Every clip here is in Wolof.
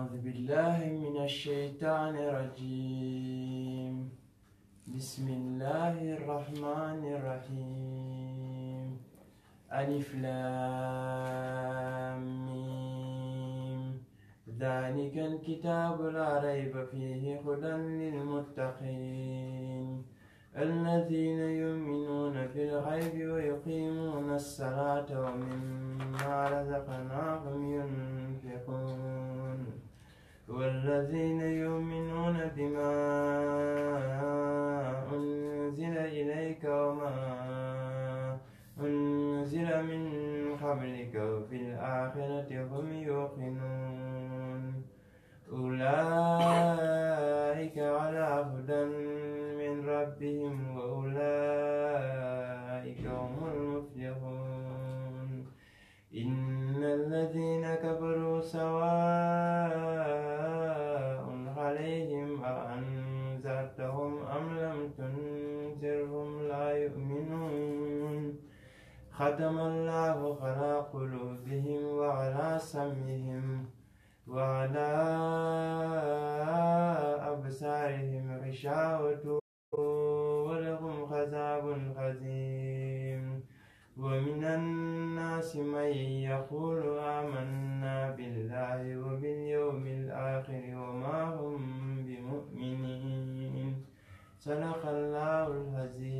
أعوذ بالله من الشيطان الرجيم بسم الله الرحمن الرحيم ألف لام ذلك الكتاب لا ريب فيه هدى للمتقين الذين يؤمنون بالغيب ويقيمون الصلاة ومما رزقناهم ينفقون والذين يؤمنون بما أنزل إليك وما أنزل من قبلك وفي الآخرة هم يوقنون أولئك على هدى من ربهم وأولئك هم المفلحون إن الذين كفروا سواء ختم الله على قلوبهم وعلى سمعهم وعلى أبصارهم غشاوة ولهم عذاب عظيم ومن الناس من يقول آمنا بالله وباليوم الآخر وما هم بمؤمنين صدق الله العظيم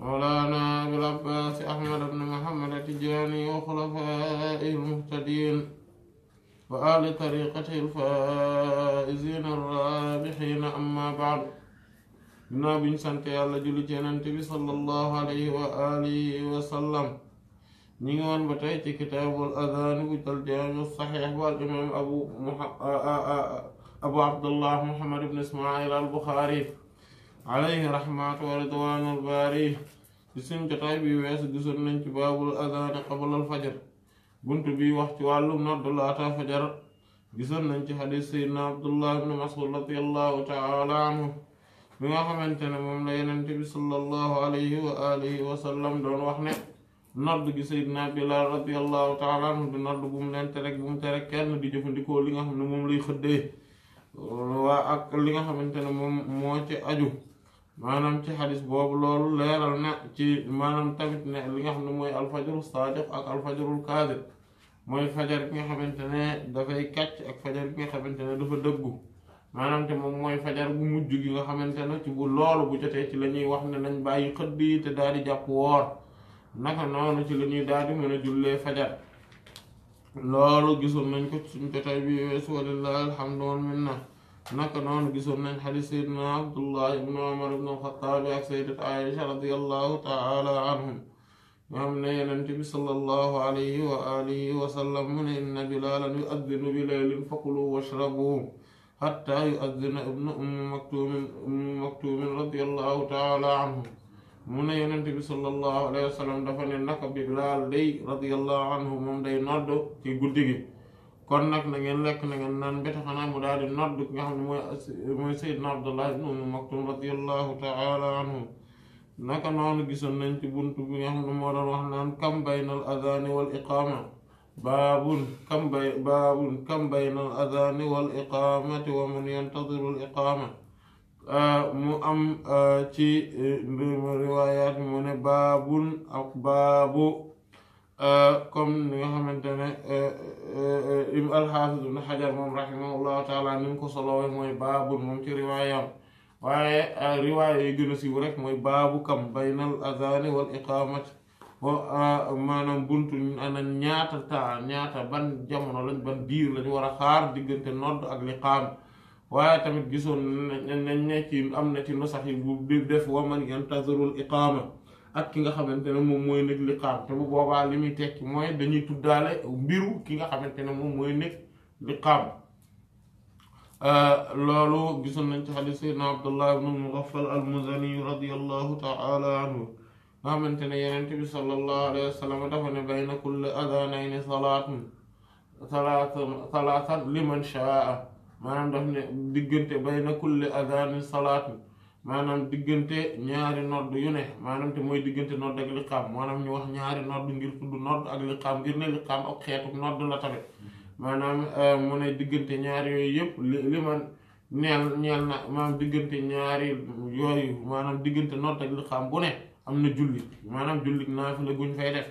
مولانا أبو العباس أحمد بن محمد التجاني وخلفائه المهتدين وآل طريقته الفائزين الرابحين أما بعد بنا بن سنتي على جل النبي صلى الله عليه وآله وسلم نيوان بتايت كتاب الأذان وتلجام الصحيح والإمام أبو, أبو عبد الله محمد بن إسماعيل البخاري alayhi rahmatu wa ridwanul baari ci suñ jotaay bi weesu gisoon nañ ci baabul adaan qablal fajar bunt bi wax ci wàllum nodd laata fajar gisoon nañ ci xadiis sayyidina abdullah ibn mas'ud radiyallahu taala anhu bi nga xamante ne moom la yenente bi sallallahu alayhi wa alihi wa sallam wax ne gi sayyidina bilal radiyallahu taala anhu di nodd bu leen terek bu mu kenn di jëfandikoo li nga xam ne moom lay xëddee waa ak li nga xamante ne moom moo ci aju manam ci hadith bobu lolou leral na ci manam tamit ne li nga xamne moy al-fajrul sadiq ak al-fajrul kadir moy fajar bi nga xamantene da fay katch ak fajar bi nga xamantene dafa deug manam te mom moy fajar bu mujju gi nga xamantene ci bu lolou bu jote ci lañuy wax ne nañ bayyi xëbbi te daali japp wor naka nonu ci lañuy daali mëna julle fajar lolou gisul nañ ko ci tay bi wessu wallahi alhamdulillah نك نون غيسون نان حديث سيدنا عبد الله بن عمر بن الخطاب اك سيدت عائشه رضي الله تعالى عنهم مام نعم، نين النبي صلى الله عليه واله وسلم من ان بلالا يؤذن بليل فكلوا واشربوا حتى يؤذن ابن ام مكتوم ام مكتوم رضي الله تعالى عنه من ينتبي صلى الله عليه وسلم دفن النقب بلال دي رضي الله عنه من دي نردو تي kon nak na ngeen lek na ngeen nan ba xanaa mu daal di nodd nga xam moy moy sayyid Abdullah ibn Umm Maktum radiyallahu taala anhu naka nonu gisoon nañ ci buntu bi nga xam mo do wax nan kam baynal adhan wal iqama babun kam bay babun kam baynal adhan wal iqaamati wa man yantadiru al iqama mu am ci riwayat mu ne babun ak baabu comme ni nga xamante alxaafis eh, eh, ibn xajar moom rahimahullahu taala ni mu ko solowee mooy baabul moom ci riwaayam waaye eh, riwaaya yi gën a rek mooy baabu kam baynal azaani wal iqaamati maanaam buntu ana ñaata temps ñaata ban jamono lañ ban diir lañ war a xaar diggante nodd ak liqaam waaye tamit gisoon nañ ne ci am na ci nosax yi bu def wa man yantazirul ak ki nga xamantene mom moy nek li xaar te bu boba li muy tekki mooy dañuy tuddale mbiru ki nga xamantene mom moy nek li xaar euh lolu gisoon nañ ci hadith sayyidina Abdullah ibn Mughaffal al-Muzani radiyallahu ta'ala anhu xamantene yenen ne bi sallallahu alayhi wasallam dafa ne bayna kull adhanayn salatun salatun salaatan liman sha'a manam dafa ne diggante bayna kull adhanayn salatun maanaam diggante ñaari nodd yu ne maanaam te mooy diggante nodd ak liqaam maanaam ñu wax ñaari nodd ngir tudd nodd ak liqaam ngir ne liqaam ak xeetu nodd la tamit maanaam euh, mu ne diggante ñaari yooyu yëpp li li man maanaam diggante ñaari yooyu maanaam diggante nodd ak liqaam bu ne am na julli maanaam julli naafila guñ fay def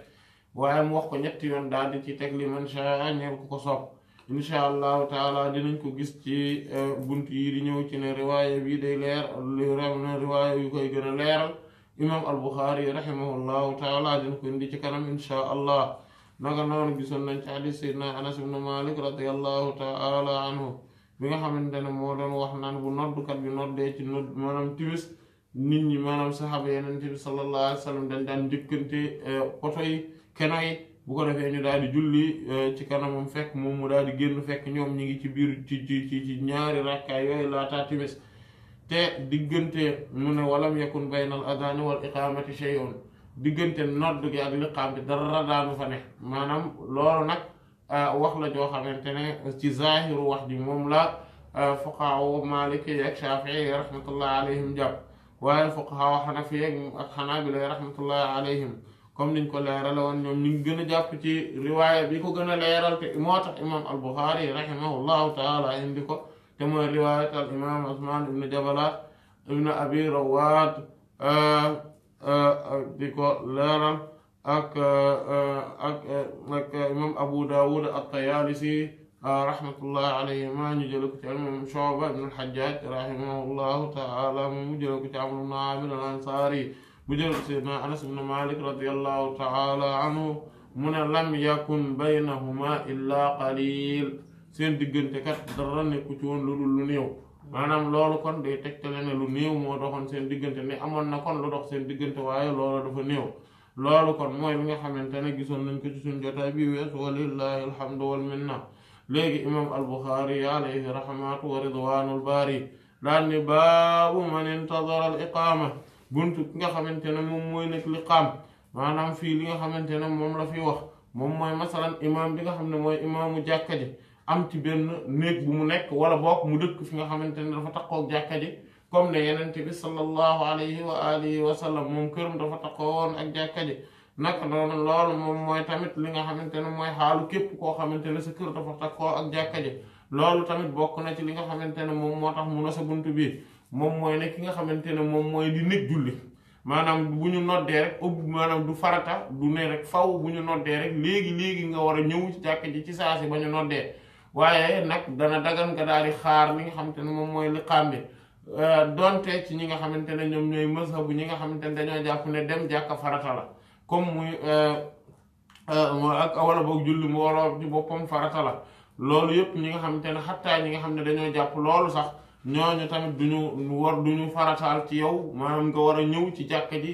waaye mu wax ko ñetti yoon daal di ci teg li man sha ñeel ku ko sopp incha allahu taala dinañ ko gis ci eh, bunt yi di ñëw ci ne riwaaya bii day leer riwaaya yu koy gën a leeral imam al buxaari rahimahullahu taala dina ko indi ci kanam incha allah naka noonu gisoon nañ ci hadis saydna anas ibnu malik radiallahu taala anhu bi nga xamante ne moo doon wax naan bu noddukat bi noddee ci nodd maanaam timis nit ñi maanaam saxaaba yeneen bi sallallahu alayhi wa daan njëkkante poto eh, yi bu ko defee ñu daal di julli ci kanamam fekk moom mu daal di génn fekk ñoom ñi ngi ci biir ci ci ci ñaari rakkaay yooyu laataa timis te diggante mu ne walam yakun baynal adani wal iqamati shay'un diggante nodd gi ak liqaam bi dara daanu fa ne maanaam loolu nag wax la joo xamante ne ci zaahiru wax ji moom la fuqahaa maliki ak shafii rahmatullah alayhim jàpp waaye fuqahaa xanafi ak xanaabila rahmatullah alayhim comme niñ ko leral won ñom niñ gëna jàpp ci riwaya bi ko gëna leral te motax imam al-Bukhari rahimahullahu taala indi ko te mooy riwaya ta imam Usman ibn Jabala ibn Abi Rawad di ko leral ak ak ak imam Abu Dawud at-Tayalisi rahmatullahi alayhima ñu jële ko ci imam Shu'ba ibn al-Hajjaj rahimahullahu taala mu jële ko ci Amr ibn al-Ansari بجل سيدنا أنس بن مالك رضي الله تعالى عنه من لم يكن بينهما إلا قليل سين diggante kat dara كتون لولو لنيو manam lolou kon day tegtale ne lu new mo doxon sen digeunte ni amoon na kon lu dox sen digeunte waye lolou dafa new lolou kon moy li nga xamantene ne gisoon nañ ko ci suñ jotaay bi wess walillahi alhamdu wal minna legi imam al-Bukhari alayhi rahmatu wa ridwanul bari dal ni babu man intadara al iqama buntu ki nga xamante ne moom mooy nag liqaam maanaam fii li nga xamante ne moom la fi wax moom mooy masalan imaam bi nga xam ne mooy imaamu jàkka ji am ci benn néeg bu mu nekk wala bokk mu dëkk fi nga xamante ne dafa takkook jàkka ji comme ne yenent bi sallallahu alayhi wa alihi wa sallam moom këram takkoo woon ak jàkka ji naka noonu loolu moom mooy tamit li nga xamante ne mooy xaalu képp koo xamante ne sa kër dafa takkoo ak jàkka ji loolu tamit bokk na ci li nga xamante ne moom moo tax mu na sa bunt bii moom mooy ne ki nga xamante ne moom mooy di nekk julli maanaam bu ñu noddee rek ëpp maanaam du farata du ne rek faw bu ñu noddee rek léegi léegi nga war a ñëw ci jàkk ji ci saa si ba ñu noddee waaye nag dana dagan nga daal di xaar li nga xamante ne moom mooy li xàmbe euh, donte ci ñi nga xamante ne ñoom ñooy mazhabu ñi nga xamante ne dañoo jàpp ne dem jàkka farata la comme muy euh, euh, ak wala boog julli mu wala ci boppam farata la loolu yëpp ñi nga xamante ne xattaa ñi nga xam ne dañoo jàpp loolu sax ñooñu tamit duñu war duñu farataal ci yow maanaam nga war a ñëw ci jàkka ji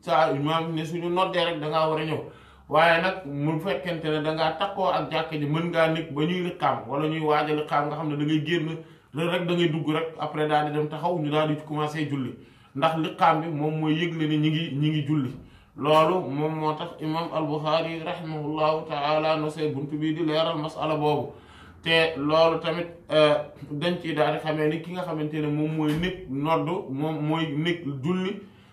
saa maanaam ne suñu noddee rek da war a ñëw waaye nag mu fekkente ne da ngaa takkoo ak jàkka ji mën ngaa nekk ba ñuy liqaam wala ñuy waaj a liqaam nga xam ne da ngay génn rek da ngay dugg rek après daal di dem taxaw ñu daal di commencé julli ndax liqaam bi moom mooy yëgle ni ñi ngi ñi ngi julli loolu moom moo tax imam al-Bukhari rahimahullahu taala no bunt bii di leeral masala boobu te loolu tamit euh, dañ ciy daal di xamee ni ki nga xamante ne moom mooy nekk nodd moom mooy nekk julli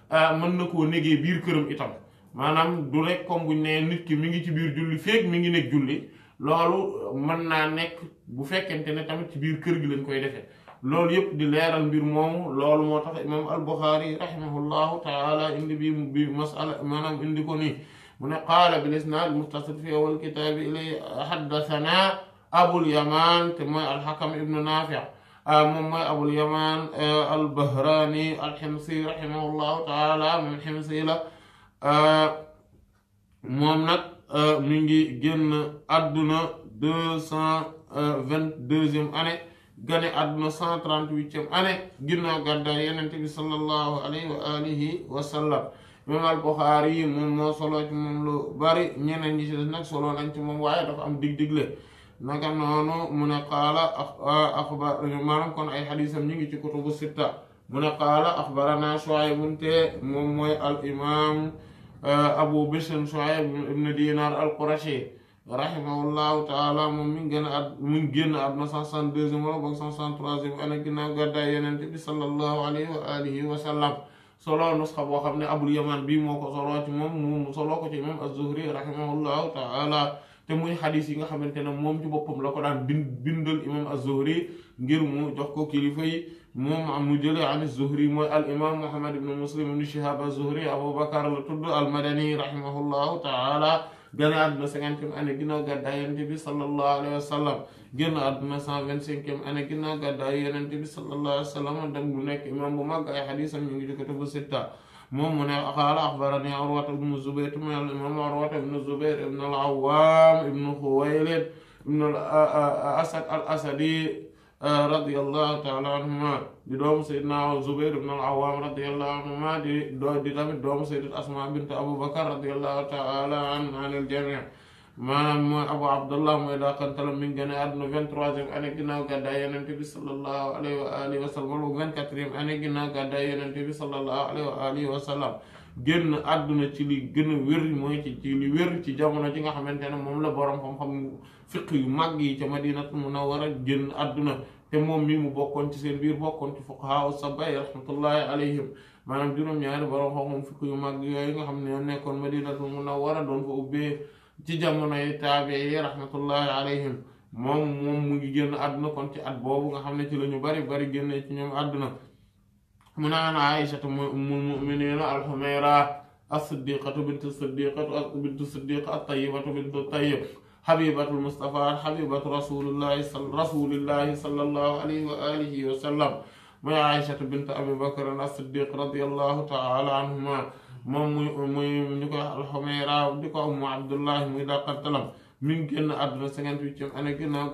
euh, mën na koo négee biir këram itam maanaam du rek buñ ne nit ki mi ngi ci biir julli feek mi ngi nekk julli loolu mën naa nekk bu fekkente ne tamit ci biir kër gi lañ koy defee loolu yëpp di leeral mbir moomu loolu moo tax imaam al-Buxaari rahimahullahu taala indi bi bi masala maanaam indi ko nii mu ne qaala bil isnaad muttasil fi awal kitaabi ilay haddasanaa abul yaman te mooy alxakam ibnu naafi ah, moom mooy abul yaman eh, albahrani alximsi rahimahullahu taala moom ximsi la eh, moom nag eh, mi ngi génn àdduna deux cent vingt-deuxième année gane àdduna cent trente-huitième année ginnaaw gàddaay yenente bi sallallahu alayhi wa alihi wa sallam imam al Buxaari yi moo solo ci moom lu bari ñeneen ñi ci nag solo nañ ci waaye dafa am dig-digle naka noonu mu ne qaala euh, axbar maanaam kon ay xadiisam ñu ngi ci kutubu sitta mu ne qaala axbarana Shuaybun te moom mooy al imaam euh, abu bishr Shuayb ibn Dinar al Qurashi rahimahullahu taala moom mi ngi génn at mi ngi génn àdduna cent soixante-deuxième wala boog cent soixante-troisième année ginnaaw gàddaay Yonent bi sallallahu alayhi wa alihi wa sallam solo nusxa boo xam ne Abul Yaman bii moo ko solo ci moom mu solo ko ci imam az-Zuhri rahimahullahu taala té muy hadith yi nga xamantene mom ci bopam lako daan bindul imam az-zuhri ngir mu jox ko kilifa yi mom am mu jëlé am az-zuhri moy al-imam muhammad ibn muslim ibn shihab az-zuhri abu bakr al-tud al-madani rahimahullahu ta'ala gëna aduna 50e ane ginnaw gadda yaronte bi sallallahu alayhi wasallam gëna aduna 125e ane ginnaw gadda yaronte bi sallallahu alayhi wasallam dang mu nek imam bu mag ay haditham ñu ngi jëkëte sita moom mu ne qaala axbarani urwata ibnu zubair tuma imam urwata ibnu zubair ibnu al awam ibnu xuwaylid ibnu al asad al asadi euh, radiallahu taala anhuma di doomu sayidna zubair ibnu al awam radiallahu anhuma di di tamit doomu sayidat asma bint abubakar radiallahu taala an an il jamii maanaam mooy abu abdullah mooy daqantalam mi ngi gën a àdduna vingt-troisième année ginnaaw gàddaay yonent bi sallallahu alayhi wa alihi wa sallam wala vingt-quatrième année ginnaaw gàddaay yonent bi sallallahu alayhi wa alihi wa sallam génn àdduna ci li gën a wér mooy ci ci li wér ci jamono ji nga xamante ne moom la borom xam-xam fiq yu mag yi ca war a génn adduna te moom mii mu bokkoon ci seen biir bokkoon ci fuqahaa sab'a rahmatullahi alayhim maanaam juróom-ñaari borom xam-xam fiq yu mag yooyu nga xam ne ñoo nekkoon madinatul munawwara doon fa ubbee ci jamonoy taabe yi rahmatullahi alayhim moom moom mu ngi génn àdduna kon ci at boobu nga xam ne ci la ñu bari bari génne ci ñoom àdduna mu naan aïchatu ummul muminina alxumayra as-siddiqatu bintu siddiqatu bintu siddiq at-tayyibatu bintu tayyib xabibatul mustapha xabibatu rasulillahi rasulillahi sallallahu alayhi wa alihi wa sallam mooy aïchatu bintu abi bakr as-siddiq radiyallahu taala anhuma moom muy muy ñu koy alxumayra di ko ummu abdullahi muy dàqartalam mi ngi génn àdduna cinquante-huitième année ginnaaw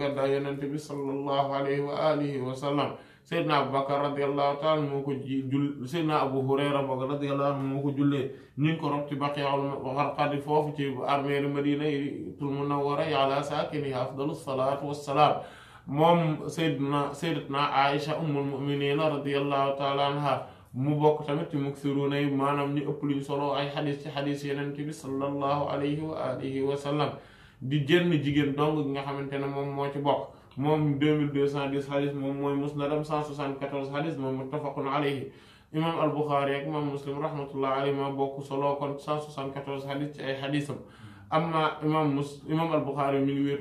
bi sallallahu alayhi wa alihi wa sallam seydna abu bakar radiallahu taala moo ko jull seydna ko jullee ñu ngi armeeri madina yi tul munawwara ala saakini afdalu wassalaam moom seydna seydatna aïcha ummul radiallahu taala anha mu bokk tamit ci muksiruuna yi maanaam ñu ëpp lu solo ay xadis ci xadis yeneen bi sallallahu alayhi wa alihi wa di jenn jigéen dong gi nga xamante ne moom moo ci bokk moom 2210 mille moom mooy musnadam 174 xadis moom muttafaqun alayhi imam al buxaari ak imam muslim rahmatullah alayhi ma bokk solo kon 174 xadis ci ay xadisam amma imam mus imam al buxaari mi ngi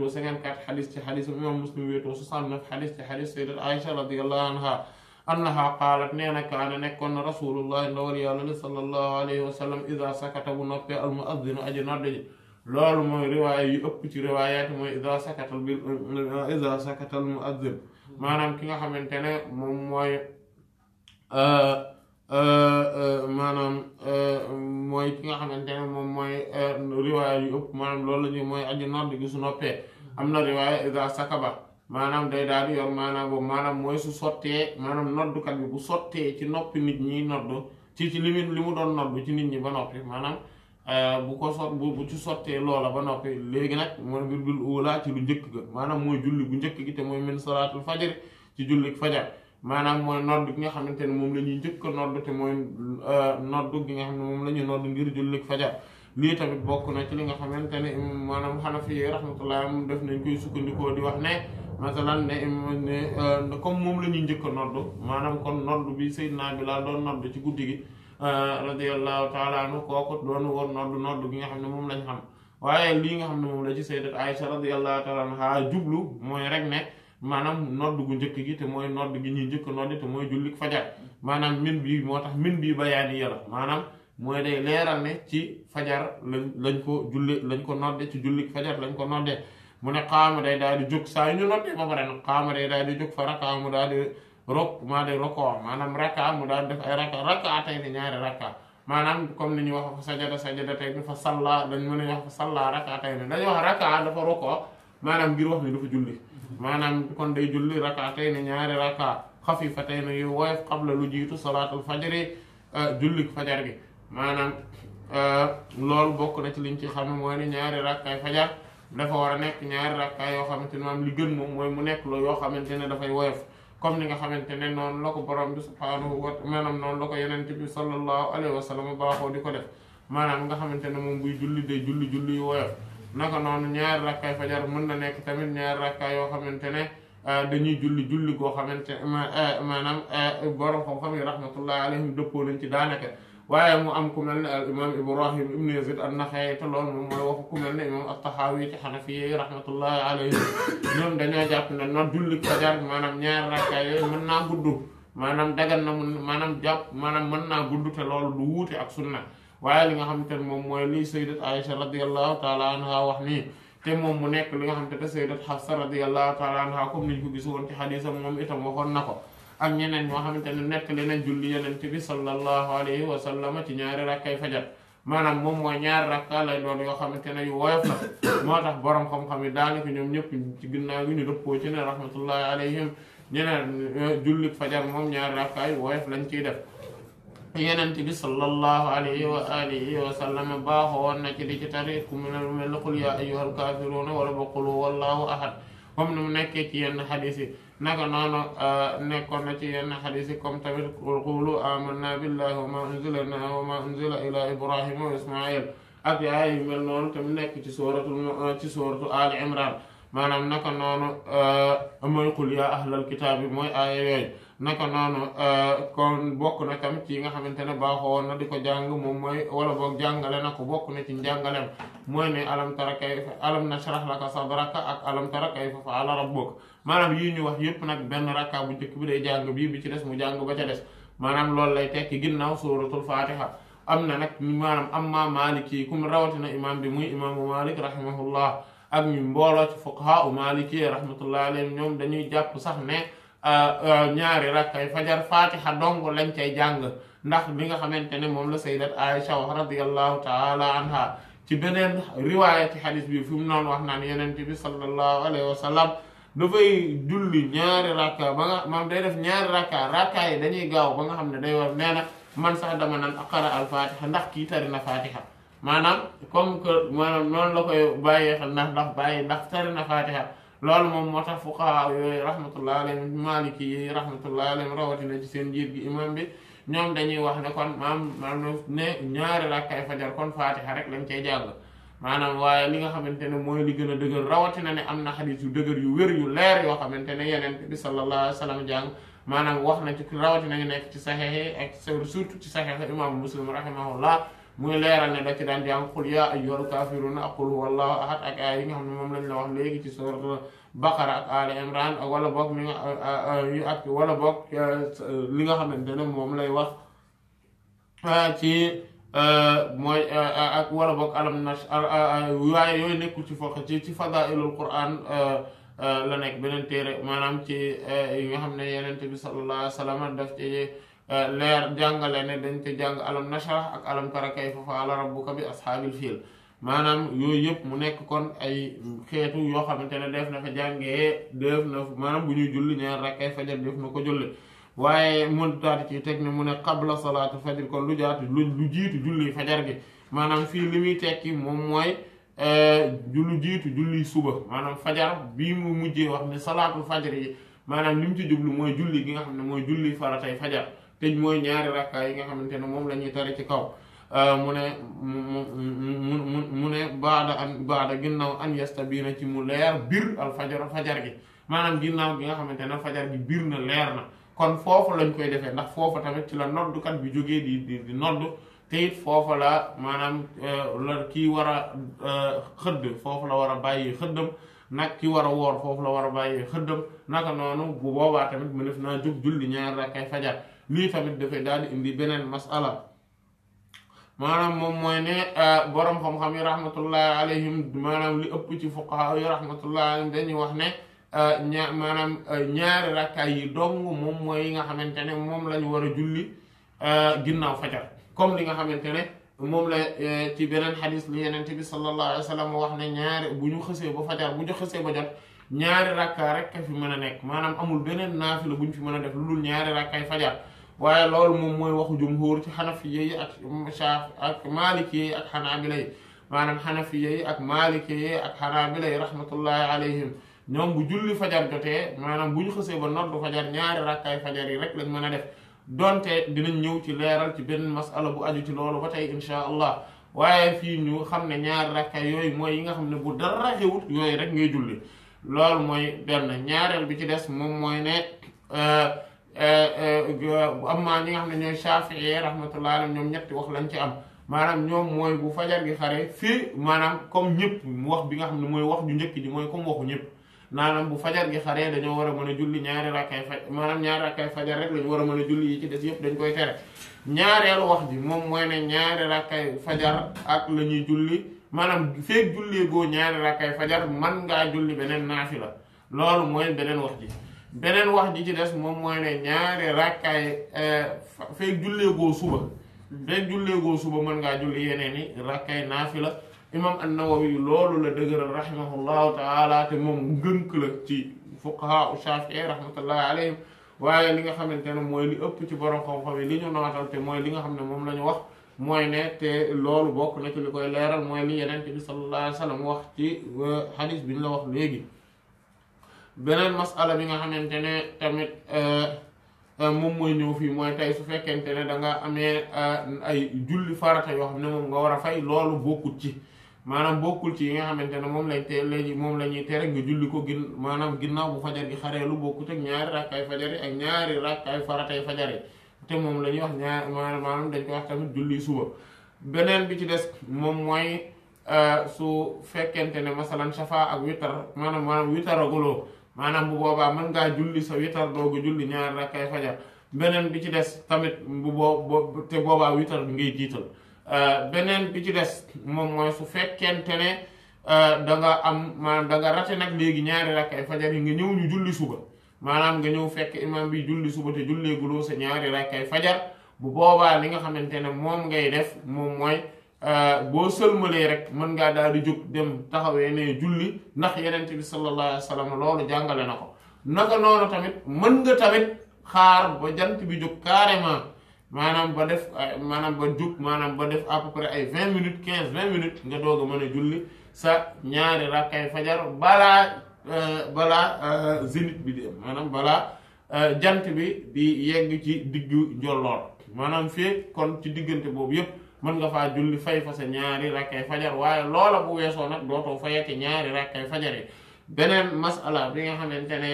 anha أنها قالت نينا كان نكون رسول الله لولي الله صلى الله عليه وسلم إذا سكت بنبي المؤذن أجنا دي لول موي رواية يؤب تي روايات موي إذا سكت إذا سكت المؤذن ما نام كيغا خامتاني موي manam moy ki nga xamantene mom moy riwaya yu upp manam loolu la ñuy moy aji nord gi su noppee am na riwaya ida sakaba manam day daal di yor ya, manam boobu moy mooy su sottee maanaam bi bu sottee ci noppi nit ñi noddu ci ci limi limu don noddu ci nit ñi ba noppi euh bu ko sot bu ci sottee loola ba noppi legi nak mo mbir bil uulaa ci lu njëkk ga manam moy julli bu njëkk gi te moy min salatul fajar ci julli fajar manam moy noddu gi nga xamante mom moom la noddu te moy euh noddu gi nga xamne mom noddu ngir julli fajar lii tamit bokku na ci li nga xamante manam maanaam xanafi yi rahmatullahi def nañ koy sukkandiko di wax ne masalan ne euh, comme moom la ñuy njëkk a noddu maanaam kon noddu bi Seydina laa doon noddu ci guddi gi euh, radiyallahu taala anhu kooku doon woon noddu noddu gi nga xam ne moom lañ xam waaye lii nga xam ne moom la ci sayyidat Aïcha radiyallahu taala anha jublu mooy rek ne maanaam nodd gu njëkk gi te mooy nodd gi ñuy njëkk nodd te mooy jullik fajar maanaam min bi moo tax min bi bayaani yala maanaam mooy day leeral ne ci fajar lañ lañ ko julle lañ ko nodde ci jullik fajar lañ ko nodde mu ne xaama day daal di jóg saa yu ñu noddee ba pare nag xaama day daal di jóg fa raka mu daal di rok maa day roko maanaam raka mu daal def ay raka raka tey ni ñaari raka maanaam comme ni ñu wax fa sajada sajada tey ni fa salla dañ mën a wax fa salla raka tey maanaam ngir wax ni dafa julli maanaam kon day julli raka tey ni ñaari raka xafifa tey ni yu woyof qabla lu jiitu salaatul fajri euh, jullik fajar gi maanaam euh, loolu bokk na ci liñ ci xam mooy ni ñaari rakkaay fajar dafa war a nekk ñaari rakka yoo xamante ne maam li gën moom mooy mu nekk loo yoo xamante ne dafay woyof comme ni nga xamante ne noonu la ko borom bi subhaanahu wa maanaam noonu la ko yonent bi sallallahu alayhi wa baaxoo di ko def maanaam nga xamante ne moom buy julli day julli julli yu woyof naka noonu ñaari rakkaay fajar mën na nekk tamit ñaari rakkaay yoo xamante ne euh, dañuy julli julli goo xamante euh, maanaam euh, borom xam-xam yi rahmatullahi alayhim dëppoo nañ ci daanaka. waaye mu am ku mel ne al imam ibrahim ibnu yazid an-naxa'i te loolu moom mooy waxu ku mel ne imam at-tahawi ci xanafiye rahmatullahi alayhi ñoom dañoo jàpp ne noon julli fajar maanaam ñaari rakka yooyu maanaam dagan na mun maanaam jàpp maanaam mën naa gudd te loolu du wuute ak sunna waaye li nga xamante ne moom mooy liy sayyidat aïcha radiyallahu taala anha wax nii te moom mu nekk li nga xamante ne sayyidat xafsa radiyallahu taala anha comme niñ ko gisu woon ci xadiisam moom itam waxoon na ko am ñeneen ñoo xamantene ne nekk nañ julli yonent bi sallallahu alayhi eh, iya wa sallam ci ñaari rakkay fajar manam mom mo ñaar rakka la doon yo xamantene yu woyof la motax borom xam-xam yi daanaka ñom ñëpp ci ginnaw gi ñu doppo ci ne rahmatullahi alayhim ñeneen julli fajar mom ñaar rakka yu woyof lañ ciy def bi sallallahu alayhi wa alihi wa sallam ba woon na ci di ci tari ku mu ne mel qul ayyuhal ya wala qul huwallahu ahad comme nu nekk ci yenn hadisi naka noonu euh, nekkoon na ci yenn xadis yi comme tamit qul qulu amanna billahi wa ma unzila lana wa ma unzila ila ibrahima wa ismail ak yaay yu mel noonu tamit nekk ci sóoratul euh, ali imran maanaam naka noonu euh, mooy qul yaa ahlal kitaab yi mooy aaya yooyu naka noonu kon bokk na tam ci nga xamante ne baaxoo woon na di ko jàng moom mooy wala boog jàngale na ko bokk na ci njàngaleem mooy ne alam tara kayfa alam nashrah laka sadraka ak alam tara kayfa fa'ala rabbuka maanaam yii ñu wax yëpp nag benn rakka bu njëkk bi day jàng bii bi ci des mu jàng ba ca des maanaam lool lay tekki ginnaaw suratul fatiha am na nag maanaam am maaliki yi kum rawatina imaam bi muy imaamu malik rahimahullah ak ñu mbooloo ci fuqahaa u maaliki rahmatullah alayhim ñoom dañuy jàpp sax ne euh, euh, ñaari rakkay fajar fatiha dong lañ cay jàng ndax li nga xamante ne moom la sayyidat aisha wax radiallahu taala anha ci beneen riwaaya ci xadis bi fi mu wax naan yeneen bi sallallahu alayhi dafay julli ñaari rakka ba nga maam day def ñaari rakka rakka dañuy gaaw ba nga xam ne day war nee na man sax dama naan aqara al fatiha ndax kii tari na fatiha maanaam comme que maanaam noonu la koy bàyyee xel ndax bàyyi ndax tari na fatiha loolu moom moo tax fuqaha yooyu rahmatullahi alayhim maliki yi rahmatullahi alayhim rawatina ci seen njiit gi imam bi ñoom dañuy wax ne kon maam maam ne ñaari rakkaay fajar kon fatiha rek lañ cey jàng maanaam waaye li nga xamante ne mooy li gën dëgër rawatina ne am na xadis yu dëgër yu wér yu leer yoo xamante ne yeneen bi sallallahu alayhi wa sallam maanaam wax na ci rawatina ñu nekk ci saxeex ak surtout ci saxeex imaamu muslim rahimahullah muy leeral ne da ci daan jàng qul yaa ayyuhal kaafiruuna ak qul huwallahu ak ay yi nga xam ne moom lañ la léegi ci sourate Baqara ak Ali Imran ak wala boog ak wala boog li nga xamante ne moom lay wax ah, ci. Euh, mooy euh, euh, ak wala boog alam nas waaye yooyu nekkul ci foq ci ci fadailul quran la nekk beneen téere maanaam ci yi nga xam ne yenente bi sallallahu alayhi wa sallam daf ci leer jàngale ne dañ ci jàng alam nashrah ak alam tara kayfa fa'ala rabbuka bi ashaabil fiil maanaam yooyu yëpp mu nekk kon ay xeetu yoo xamante ne def na fa jàngee def na maanaam bu ñuy julli ñaar rakkay fajar def na ko julli waaye mun ci teg ne mu ne qabla salaatu fajr kon lu jaatu jiitu julli fajar gi maanaam fii li muy tekki moom mooy eh, lu jiitu julli suba maanaam fajar bii mu mujjee wax ne salaatul fajar yi maanaam li ci jublu mooy julli gi nga xam ne mooy julli faratay fajar tëj mooy ñaari yi nga xamante ne moom la ñuy tare ci kaw eh, mu ne mu mu ne baada an baada ginnaaw an yastabiina ci mu leer bir al fajar fajar gi maanaam ginnaaw gi nga xamante ne fajar gi biir na leer na kon fofu lañ koy defé ndax fofu tamit ci la kat bi joggé di di di nodd te it foofa la manam euh, la ki wara euh, xëdd fofu la war bayyi wara xëddam nak ki wara wor fofu la wara bayyi xëddam naka nonu bu boba tamit mu def naa julli ñaar rakkay fajar li tamit dafay daal indi benen masala manam mom moy né euh, borom xam-xam yi rahmatullah alayhim manam li ëpp ci fuqaha yi rahmatullah dañuy wax ne Euh, ña maanaam euh, ñaari rakkaay yi dong moom mooy yi nga xamante ne moom lañu war a julli euh, ginnaaw fajar comme li nga xamante ne moom la ci beneen xadis li yeneen bi sallallahu alayhi wa sallam wax ne ñaari bu ñu xësee ba fajar bu ñu xësee ba jot ñaari rakkaa rek fi mën a nekk maanaam amul beneen naafila bu ñu fi mën a def lu dul ñaari rakkaay fajar waaye loolu moom mooy waxu jumhur ci xanafiya yi ak shaaf ak maaliki yi ak xanaabila yi maanaam xanafiya yi ak maaliki yi ak xanaabila yi rahmatullahi alayhim ñoom bu julli fajar jotee maanaam bu ñu xësee ba noddu fajar ñaari rakkaay fajar yi rek lañ mën a def donte dinañ ñëw ci leeral ci benn masala bu aju ci loolu ba tey insha allah waaye fii ñu xam ne ñaari rakkaay yooyu mooy yi nga xam ne bu dara xewut yooyu rek ngay julli loolu mooy benn ñaareel bi ci des moom mooy ne euh, euh, euh, amma ñi nga xam ne ñooy Shaafi'i rahmatullahi alayhim ñoom ñetti wax lañ ci am maanaam ñoom mooy bu fajar gi xare fii maanaam comme ñëpp wax bi nga xam ne mooy wax ju njëkk ji mooy comme ñëpp maanaam bu fajar gi xaree dañoo war a mën a julli ñaari rakkay faj maanaam fajar rek war a mën a julli yi yëpp dañ koy tere wax ji moom mooy ne ñaari rakkay fajar ak la ñuy julli maanaam feeg jullee goo ñaari rakkay fajar man ngaa julli beneen naafi la loolu mooy beneen wax ji beneen wax ji ci des moom mooy ne ñaari rakkay eh, feeg jullee goo suba feeg jullee goo suba mën ngaa julli yeneen i rakkay naafi la imam an-Nawawi lolu la dëgëral rahimahullahu taala te mom ngeunk la ci fuqaha u Shafi'i rahmatullahi alayhim waaye li nga xamantene moy li upp ci borom xam-xam li ñu nootal te moy li nga xamne mom lañu wax moy ne te lolu bok na ci likoy leral moy li yenen te bi sallallahu alayhi wasallam wax ci hadith bi la wax léegi beneen masala bi nga xamante ne tamit moom mooy ñëw fii mooy tey su fekkente da nga amee ay julli farata yoo xam ne nga war fay loolu bokkut ci manam bokul ci nga xamantene mom lañ te léegi mom lañuy ñuy rek nga julli ko gin manam ginnaw bu fajar gi xare lu bokku tak ñaari rakkay fajar ak ñaari rakkay faratay fajar yi te moom wax ñaar manam dañ ko wax tamit julli suba benen bi ci mom moy euh su fekente ne masalan shafa ak witar manam witar witaraguloo manam bu boba man nga julli sa witar doogu julli ñaar rakkay fajar benen bi ci dess tamit bu bo te boba witar ngay jital Euh, beneen bi ci des moom mooy su fekkente ne euh, da nga am maanaam danga nga nag léegi ñaari rakkay fajar yi nga ñëw ñu julli suba maanaam nga ñëw fekk imam bi julli suba te julleeguloo sa ñaari rakkay fajar bu boobaa li nga xamante ne moom ngay def moom mooy euh, boo sëlmalee rek mën ngaa daal di jóg dem taxawee ne julli ndax yenent bi sallallahu alayhi loolu jàngale na ko naka noonu tamit mën nga tamit xaar ba jant bi jóg carrément maanaam ba def maanaam ba jug maanaam ba def à ay vingt minutes quinze vingt minutes nga doog a mën a julli sa ñaari rakkay fajar balaa euh, balaa euh, zénith bi di maanaam balaa euh, jant bi di yegg ci diggu njolloor maanaam fii kon ci diggante boobu yëpp mën nga faa julli fay fa sa ñaari rakkay fajar waaye loola bu weesoo nag dootoo fayati ñaari rakkay fajar yi beneen masala bi nga xamante ne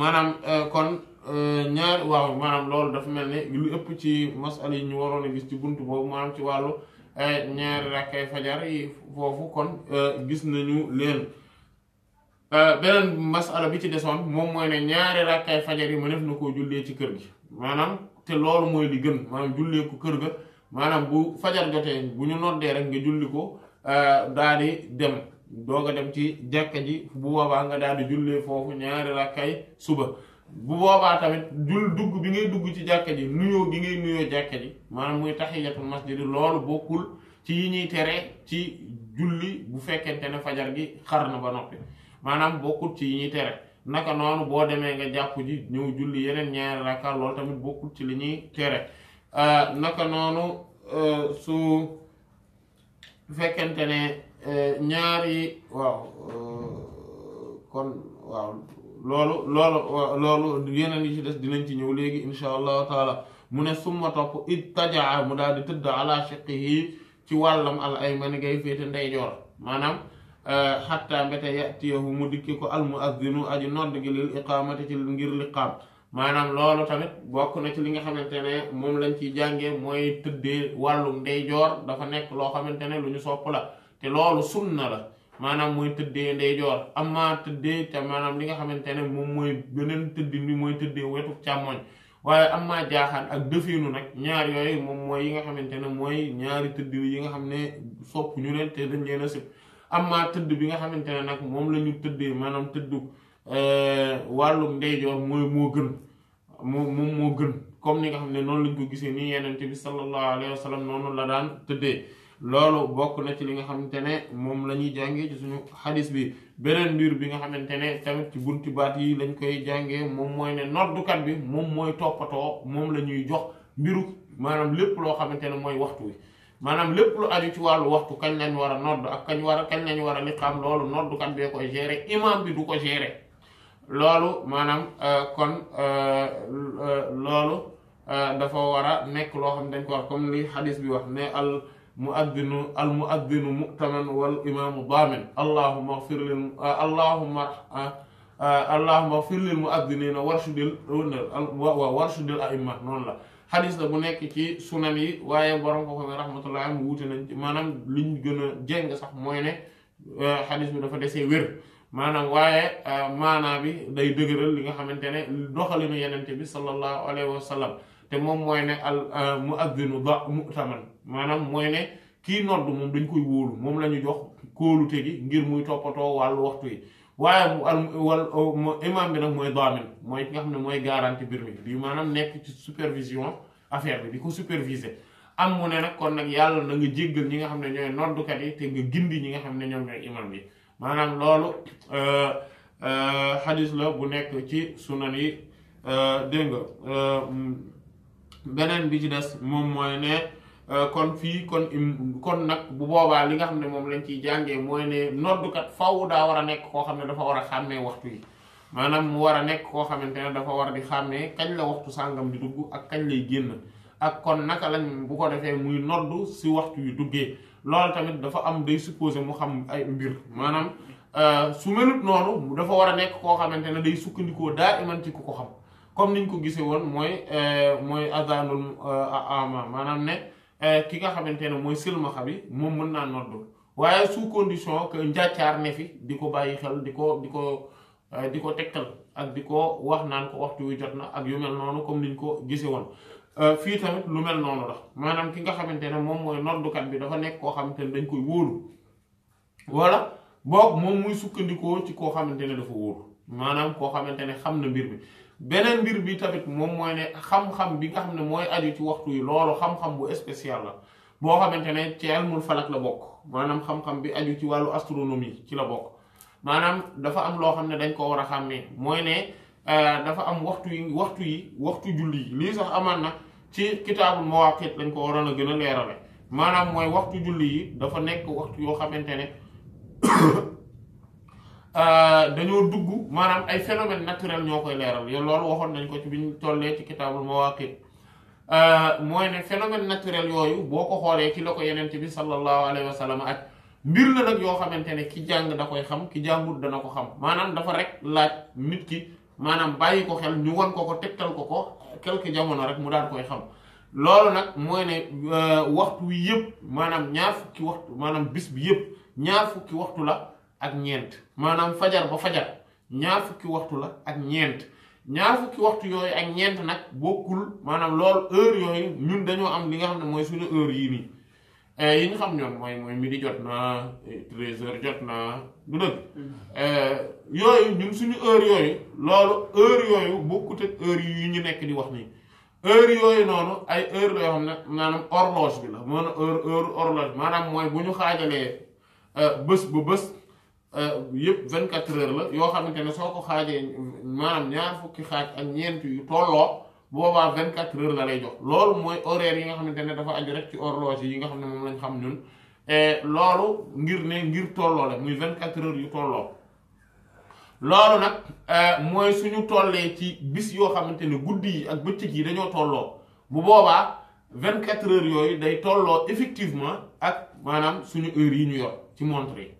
maanaam kon Euh, ñaar waaw maanaam loolu dafa mel ni lu ëpp ci masal yi ñu waroon a gis ci bunt boobu maanaam ci wàllu euh, ñaari rakkay fajar yi foofu kon euh, gis nañu leen beneen masala bi ci desoon moom mooy ne ñaari rakkay fajar yi mëneef na koo jullee ci kër gi maanaam te loolu mooy li gën maanaam jullee ko kër ga maanaam bu fajar jotee bu ñu noddee rek nga julli ko daal di dem doog dem ci jàkka ji bu boobaa nga daal di jullee foofu ñaari rakkay suba bu boobaa tamit dul dugg bi ngay dugg ci jàkka ji nuyoo gi ngay nuyoo jàkka ji maanaam muy tahiyatul masjid loolu bokkul ci yi ñuy tere ci julli bu fekkente ne fajar gi xar na ba noppi maanaam bokkul ci yi ñuy tere naka noonu boo demee nga jàpp ji ñëw julli yeneen ñaari rakka loolu tamit bokkul ci li ñuy tere euh, naka noonu euh, su fekkente ne euh, ñaari waaw kon waaw loolu loolu loolu yeneen yi ci des dinañ ci ñëw léegi insha allahu taala mu ne summa topp it tajaa mu daal di tëdd ala shaqihi ci wàllam al aymani ngay féete ndeyjoor maanaam xatta euh, mbete yatiyahu mu dikki ko al muazzinu aji nodd gi lil iqaamati ci ngir liqaam maanaam loolu tamit bokk na ci li nga xamante ne moom lañ ciy jàngee mooy tëddee wàllum ndeyjoor dafa nekk loo xamante ne lu ñu sopp la te loolu sunna la maanaam mooy tëddee ndeyjoor amma tëddee ca maanaam li nga xamante ne moom mooy beneen tëddin bi mooy tëddee wetu càmmoñ waaye am maa jaaxaan ak dëfiinu nag ñaar yooyu moom mooy yi nga xamante ne mooy ñaari tëdd yi nga xam ne sopp ñu leen te dañ leen a am maa tëdd bi nga xamante ne nag moom la tëddee maanaam tëdd euh, wàllum ndeyjoor mooy moo gën moom moom moo gën comme ni nga xam ne noonu lañ ko gisee nii yenente bi sallallahu alayhi wa sallam la daan tëddee loolu bokk na ci li nga xamante ne moom la ñuy jàngee ci suñu xadis bi beneen mbir bi nga xamante ne tamit ci bunti baat yi lañ koy jàngee moom mooy ne noddukat bi moom mooy toppatoo moom la ñuy jox mbiru maanaam lépp loo xamante ne mooy waxtu wi maanaam lépp lu aju ci wàllu waxtu kañ lañ war a nodd ak kañ war a kañ lañ war a liqaam loolu noddukat bee koy gérer imam bi du ko gérer loolu maanaam euh, kon euh, euh, loolu dafa war a nekk loo xam dañ ko war comme li xadis bi wax ne al mu addinu al mu addinu mutaman wal imaamu daamin allahuma fir lil allahuma ah, ah, allahuma fir lil mu addinina warshudil waaw warshudil aimma noonu la xadis la bu nekk ci sunan yi waaye borom ko ko rahmatullahi am wuute nañ maanaam liñ gën a jéng sax mooy ne eh, xadis bi dafa desee wér maanaam waaye eh, maanaa bi day dëgëral li nga xamante ne doxalinu yenente bi sallallahu alayhi wa te moom mooy ne al eh, mu addinu da mutaman maanaam mooy ne kii nodd moom dañ koy wóolu moom la ñu jox kóolute gi ngir muy toppatoo wàllu waxtu yi waaye wal imaam bi nag mooy daamin mooy nga xam ne mooy garanti mbir mi di maanaam nekk ci supervision affaire bi di ko superviser am mu ne nag kon nag yàlla na nga jéggal ñi nga xam ne ñooy noddukat yi te nga gindi ñi nga xam ne ñoom ñooy imam yi maanaam loolu euh, euh, xadis la bu nekk ci sunan yi euh, dégg beneen bi ci des moom mooy ne Euh, kon fii kon kon nag bu boobaa li nga xam ne moom lañ ciy jàngee mooy ne noddukat faaw daa war a nekk koo xam ne dafa war a xàmmee waxtu yi maanaam mu war a nekk koo xamante ne dafa war di xàmmee kañ la sàngam di dugg ak kañ lay génn ak kon naka lañ bu ko defee muy noddu si waxtu yu duggee loolu tamit dafa am day supposé mu xam ay mbir maanaam euh, su melut noonu dafa war a nekk koo xamante ne day sukkandikoo daa iman ci ku ko xam comme niñ ko gisee woon mooy euh, mooy azanul ama maanaam ne Euh, ki nga xamante ne mooy silmaxa bi moom mën naa noddu waaye su condition que njàccaar ne fi di ko bàyyi xel di ko di ko euh, di ko tegtal ak di ko wax naan ko waxtu wi jot na ak yu mel noonu comme niñ ko gise woon euh, fii tamit lu mel noonu la maanaam ki nga xamante ne moom mooy noddukat bi dafa nekk koo xamante ne dañ koy wóolu walla boog moom muy sukkandikoo ci koo xamante ne dafa wóolu maanaam koo xamante ne xam na mbir bi beneen mbir bi tamit moom mooy ne xam-xam bi nga xam ne mooy aju ci waxtu yi loolu xam-xam bu spécial la boo xamante ne ci ilmul falak la bokk maanaam xam-xam bi aju ci wàllu astronomie ci la bokk maanaam dafa am loo xam ne dañ ko war a xàmmee mooy ne euh, dafa am waxtu yi waxtu yi waxtu julli yi lii sax amaan na ci kitaabul mawaqit dañ ko waroon a gën a leerale maanaam mooy waxtu julli yi dafa nekk waxtu yoo xamante ne Euh, dañoo dugg maanaam ay phénomène naturel ñoo koy leeral yow loolu waxoon nañ ko ci ñu tollee ci kitaabul mawaqit euh, mooy ne phénomène naturel yooyu boo ko xoolee ci la ko yeneen bi sallallahu alayhi wa sallam ak mbir la nag yoo xamante ne ki jàng da koy xam ki jàngut dana ko xam maanaam dafa rek laaj nit ki maanaam bàyyi ko xel ñu won ko ko tegtal ko ko quelque jamono rek mu daan koy xam loolu nag mooy ne euh, waxtu wi yëpp maanaam ñaar fukki waxtu maanaam bis bi yëpp ak ñeent maanaam fajar ba fajar ñaar fukki waxtu la ak ñeent ñaar fukki waxtu yooyu ak ñeent nag bokkul maanaam loolu heure yooyu ñun dañoo am li nga xam ne mooy suñu heure yii nii eh, yi ñu mooy mooy midi jot na eh, treize jot na du dëgg mm-hmm. eh, suñu heure yooyu loolu heure yooyu bokkut yi ñu nekk di wax nii heure yooyu noonu ay heure la yoo xam bi la maanaam maanaam mooy bu ñu xaajalee bés ba bés Euh, yëpp vingt quatre heures la yoo xamante ne soo ko xaajee maanaam ñaar fukki xaaj ak ñeent yu tolloo boobaa vingt quatre heures la lay jox loolu mooy horaire yi nga xamante ne dafa aju rek ci horloge yi nga xam ne moom lañ xam ñun loolu ngir ne ngir tolloo la muy vingt quatre heures yu tolloo loolu nag euh, mooy suñu tollee ci bis yoo xamante ne guddi yi ak bëccëg yi dañoo tolloo bu boobaa vingt quatre heures yooyu day tolloo effectivement ak maanaam suñu heure yi ñu yor ci montre yi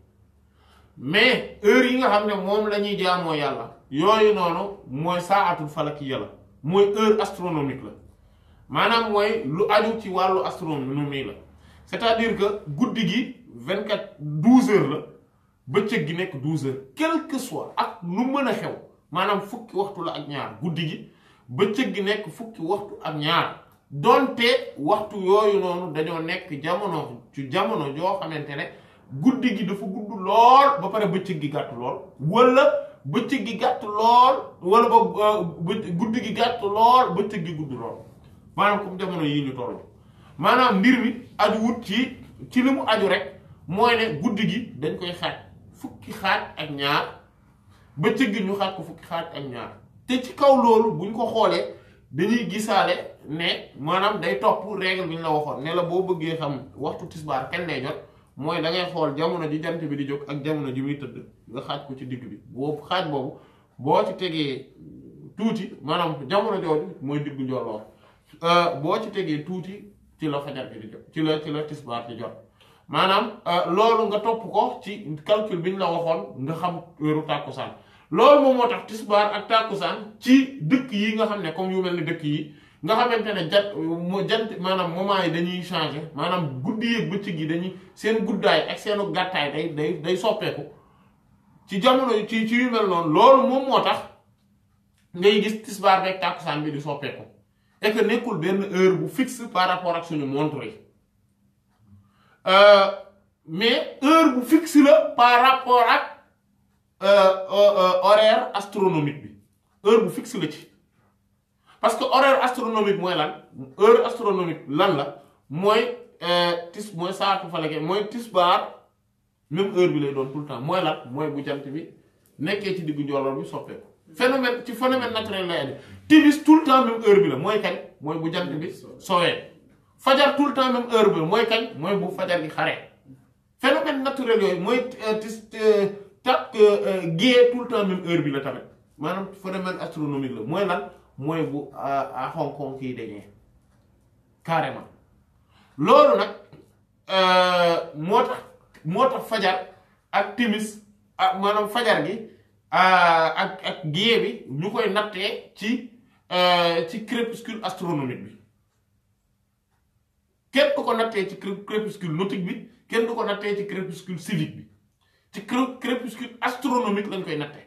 mais heure yi nga xam ne moom la ñuy jaamoo yàlla yooyu noonu mooy saatul falaki la mooy heure astronomique la maanaam woy lu aju ci wàllu astronomie la c'est-à-dire que guddi gi vingt quatre douze heures la bëccëg gi nekk douze heures quel soit ak lu mën a xew maanaam fukki waxtu la ak ñaar guddi gi bëccëg gi nekk fukki waxtu ak ñaar donte waxtu yooyu noonu dañoo nekk jamono ci jamono joo xamante ne guddi gi dafa gudd lool ba pare bëccëg gi gàtt lool wala bëccëg gi gàtt lool wala ba guddi gi gàtt lool bëccëg gi gudd lool maanaam comme jamono yii ñu toll maanaam mbir mi aju wut ci ci li mu aju rek mooy ne guddi gi dañ koy xaaj fukki xaaj ak ñaar bëccëg gi ñu xaaj ko fukki xaaj ak ñaar te ci kaw loolu buñ ko xoolee dañuy gisaale ne maanaam day topp règle bi ñu la waxoon ne la boo bëggee xam waxtu tisbaar kenn jot mooy da ngay xool jamono ji jant bi di jóg ak jamono ji muy tëdd nga xaaj ko ci digg bi boobu xaaj boobu boo ci tegee tuuti maanaam jamono jooju mooy diggu njolloor euh, boo ci tegee tuuti ci la fajar bi di jot ci la ci la tisbaar di jot maanaam euh, loolu nga topp ko ci calcul bi ñu la waxoon nga xam wéru tàkkusaan loolu moom moo tax tisbaar ak tàkkusaan ci dëkk yi nga xam ne comme yu mel ni dëkk yi nga xamante ne jat jan jant maanaam moment yi dañuy changer maanaam guddi yeeg bëccëg yi dañuy seen guddaay ak seenu gàttaay day day day soppeeku ci jamono ci ci yu mel noonu loolu moom moo tax ngay gis tisbaar beeg tàkkusaan bi di soppeeku et nekkul benn heure bu fixe par rapport ak suñu montre yi euh, mais par rapport ak euh, euh, horaire astronomique bi heure bu fixe la ci. parce que horaire astronomique mooy lan heure astronomique lan la mooy euh, tis mooy saatu falake mooy tis tisbaar même heure bi lay doon tout le temps mooy lan mooy bu jant bi nekkee ci diggu njooloor bi soppeeku phénomène ci phénomène naturel lay andi timis tout le temps même heure bi la mooy kañ mooy bu jant bi sowee fajar tout le temps même heure bi la mooy kañ mooy bu fajar gi xaree phénomène naturel yooyu mooy euh, tis euh, tak gée tout le temps heure bi la tamit maanaam phénomène astronomique mooy lan mooy bu à Hong Kong kii dañee carrément loolu nag euh, moo tax moo tax fajar ak timis ak maanaam fajar gi ak ak gée bi ñu koy nattee ci euh, ci crépuscule astronomique bi kenn du ko nattee ci crépuscule nautique bi kenn du ko nattee ci crépuscule civique bi ci crépuscule astronomique lañ koy nattee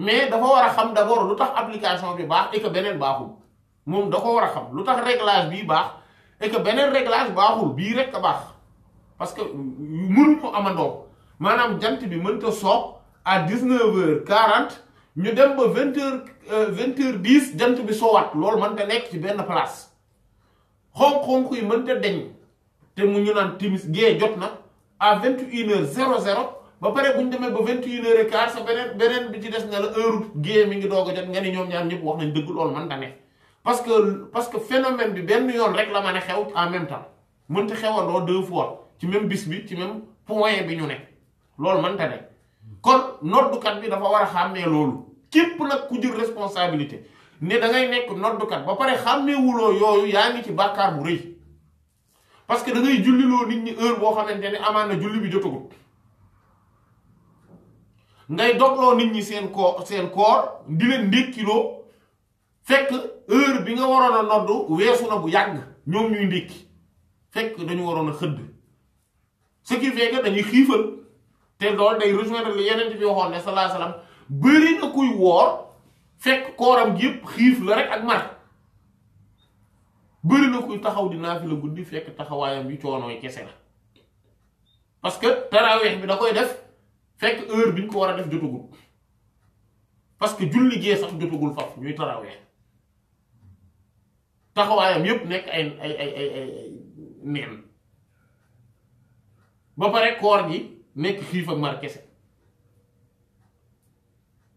mais dafa war a xam d'abord lu tax application bi baax et que beneen baaxul moom da ko war a xam lu tax réglage bii baax et que beneen réglage baaxul bii rek a baax parce que mënuñu amandoo maanaam jant bi mënta soog à dix-neuf quarante ñu dem ba vingt heures euh, vingt heures dix jant bi soowaat loolu mënta nekk ci benn place xonk-xonk yi mënta deñ te mu ñu naan timis gee jot na à vingt et une zéro zéro ba paré buñ démé ba 21h15 sa benen benen bi ci dess nga la heure gué mi ngi dogo jot nga ni ñoom ñaar ñep wax nañ dëgg lool man da ne parce que parce que phénomène bi benn yoon rek la mën xew en même temps mën mënta xewandoo deux fois ci même bis bi ci même point bi ñu ne loolu mënta ne kon kat bi dafa wara xamé lool képp nak ku jël responsabilité né da ngay nekk kat ba paré xamé wulo yoyu yaangi ci bakkar bu reuy parce que da ngay julli lo nit ñi heure bo xamante amana julli bi jotugul ngay dogloo nit ñi seen koor seen koor di leen ndékkiloo fekk heure bi nga waroon a noddu weesu na bu yàgg ñoom ñuy ndékki fekk dañu waroon a xëdd ce qui fait que dañuy xiifal te loolu day rejoindre lu yeneen bi waxoon ne sallallahu alayhi wasallam bëri na kuy woor fekk kooram gi yëpp xiif la rek ak mar bëri na kuy taxaw di naafila guddi fekk taxawaayam bi coonooy kese la parce que taraweex bi da koy def. fekk heure bi ñu ko war a def jotagul parce que julli gee sax jotagul faf ñuy tarawee taxawaayam yépp nekk ay ay ay ay ay neen ba pare koor gi nekk xiif ak mar kese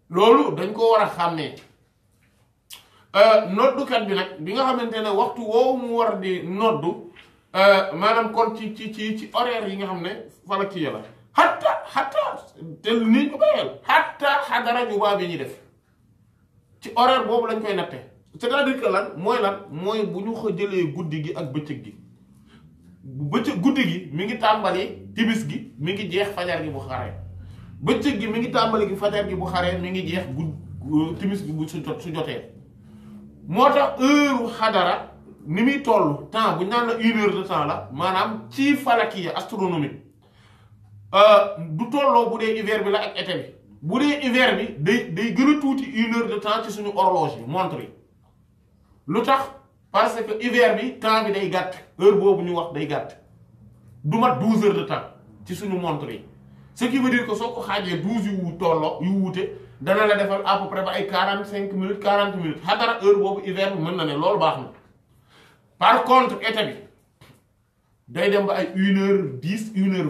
loolu dañ ko war a xàmmee euh, noddukat bi nag bi nga xamante ne waxtu woowu mu war di noddu euh, maanaam kon ci ci ci ci horaire yi nga xam ne fala ki yàlla xatta xatta te nii ñu koy wel xatta xadara jubaa bi ñuy def ci horaire boobu lañ koy natte c'est-à-dire lan mooy lan mooy bu ñu jëlee guddi gi ak bëccëg gi bëccëg guddi gi mi ngi tàmbali timis gi mi ngi jeex fajar gi bu xaree bëccëg gi mi ngi tàmbali gi fajar gi bu xaree mi ngi jeex gudd timis gi bu su jot su jotee moo tax heure xadara ni muy toll temps bu ñu naan la une temps la maanaam ci falakiya astronomique du euh, tolo boudé hiver bi la ak été une heure de temps ci suñu horloge montre parce que hiver bi temps bi day heure ñu wax heures de temps ci suñu montre ce qui veut dire que soko xajé 12 yu tolo yu la à peu près minutes 40 minutes heure hiver par contre été bi day dem ba ay une heure une heure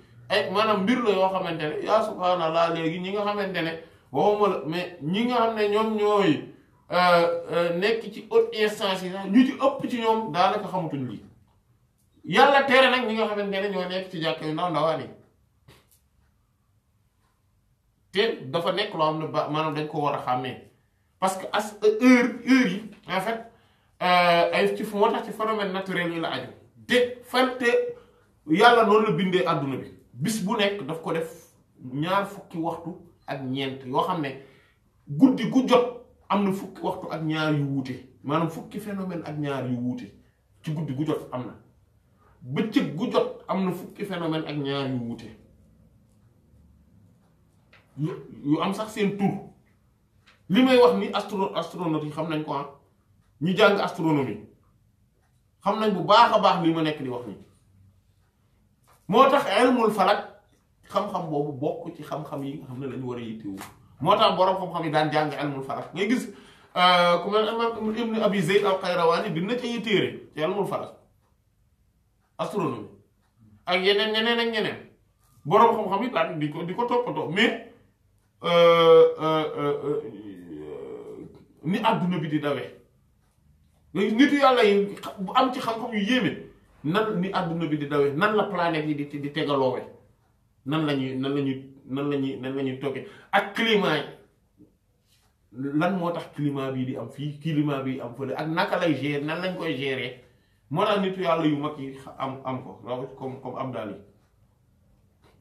Eh, ay mbir la yoo xamante ne yaa subhaanallaa léegi ñi nga xamante ne waxuma la mais ñi nga xam ne ñoom ñooy euh, euh, nekk ci haute instance yi ñu ci ëpp ci ñoom daanaka xamutuñ lii yàlla tere nag ñi nga xamante ne ñoo nekk ci jàkk yu ndaw ndawaan te dafa nekk loo xam ne ba maanaam dañ ko war a xàmmee parce que as euh, heure heure yi en fait ay ci moo tax ci phénomène naturel yi la aju te fante yàlla noonu la bindee àdduna bi bis bu nekk daf ko def ñaar fukki waxtu ak ñeent yoo xam ne guddi gu jot am na fukki waxtu ak ñaar yu wuute maanaam fukki phénomène ak ñaar yu wuute ci guddi gu jot am na bëccëg am na fukki phénomène ak ñaar yu wuute yu am sax seen tur li may wax ni astro yi xam nañ ko ah ñu jàng astronomie xam nañ bu baax a baax li ma nekk di wax nii. moo tax ilmul falak xam-xam boobu bokk ci xam-xam yi nga xam ne lañu war a yittewu moo tax borom xam-xam yi daan jàng ilmul falak ngay gis euh, ku mel imam ibnu abi zayd al qayrawani dina ci yeneen ñeneen ak ñeneen borom xam-xam di ko di ko toppatoo euh, euh, bi di dawee nitu am ci xam-xam yu yéeme. nan ni àdduna bi di dawee nan la planète yi di di tegaloowe nan la nan la ñuy nan lañuy ñuy nan la toggee ak climat yi lan moo tax climat bii di am fii climat bi am fële ak naka lay gérer nan lañ koy gérer moo tax nitu yàlla yu mag yi am am ko raw comme comme Abdal yi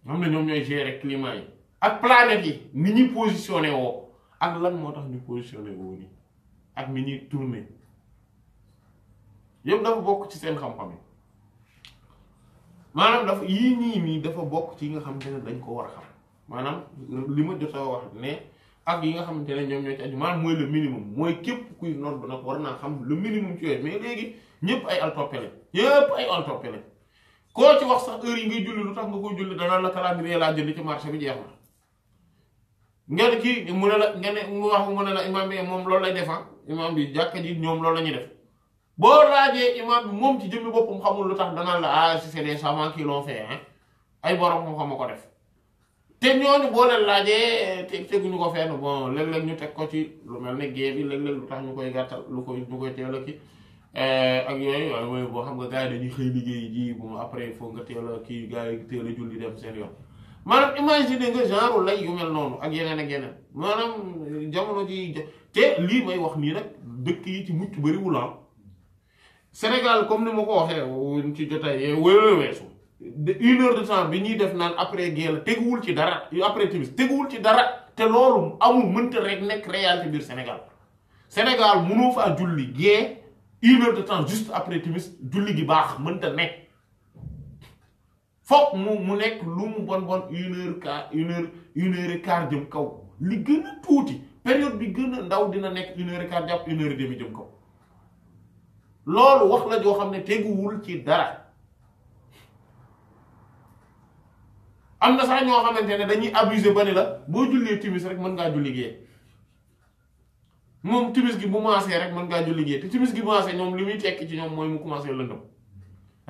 xam ne ñoom ñooy gérer climat yi ak planète yi ni ñuy positionné woo ak lan moo tax ñu positionné woo nii ak mi ñuy tourné yëpp dafa bokk ci seen xam-xam yi maanaam dafa yii nii nii dafa bokk ci yi nga xamante ne dañ ko war a xam maanaam li ma jot a wax ne ak yi nga xamante ne ñoom ñoo ci aju maanaam mooy le minimum mooy képp kuy nodd nag war naa xam le minimum ci yooyu mais léegi ñëpp ay altoppe ay altoppe koo ci wax sax yi ngay julli lu tax nga koy julli danaa la calendrier laa jënd ci marché bi jeex na ngeen kii mu ne la ngeen mu wax mu ne la imaam bi moom loolu lay defar ah. imaam bi jàkka ji ñoom loolu la ñuy def boo laajee imaam bi moom ci jëmmi boppam xamul lu tax danaan la ah c'est des savants qui l'ont fait ay borom moo xam ko def te ñooñu boo leen laajee te teguñu ko fenn bon léeg-léeg ñu teg ko ci lu mel ne gée bi lu tax ñu koy gàttal lu koy ñu eh, ak yooyu boo xam nga gars yi dañuy liggéey ji après il faut nga teel a kii dem seen yoon maanaam imaginer nga genre lay yu mel noonu ak yeneen ak yeneen maanaam eh, ji te lii may wax nii rek dëkk yi ci mucc bariwul ah. Sénégal comme ni ma ko waxee woon ci jotaay wala weesu de heure de temps bi ñuy def naan après guerre teguwul ci dara après timis teguwul ci dara te loolu amul mënta rek nekk réalité biir Sénégal Sénégal mënoo faa julli gee une de temps juste après timis julli gi baax mënta nekk foog mu mu nekk lu mu bon bon une heure quart une heure jëm kaw li gën a tuuti période bi gën a ndaw dina nekk une heure et quart jàpp une heure et demi jëm kaw. loolu wax la joo xam ne teguwul ci dara am na sax ñoo xamante ne dañuy abuser ba ne la boo jullee timis rek mën ngaa julli gee moom timis gi bu maasee rek mën ngaa julli gee te timis gi bu maasee li muy tekki ci ñoom mooy mu commencé lëndëm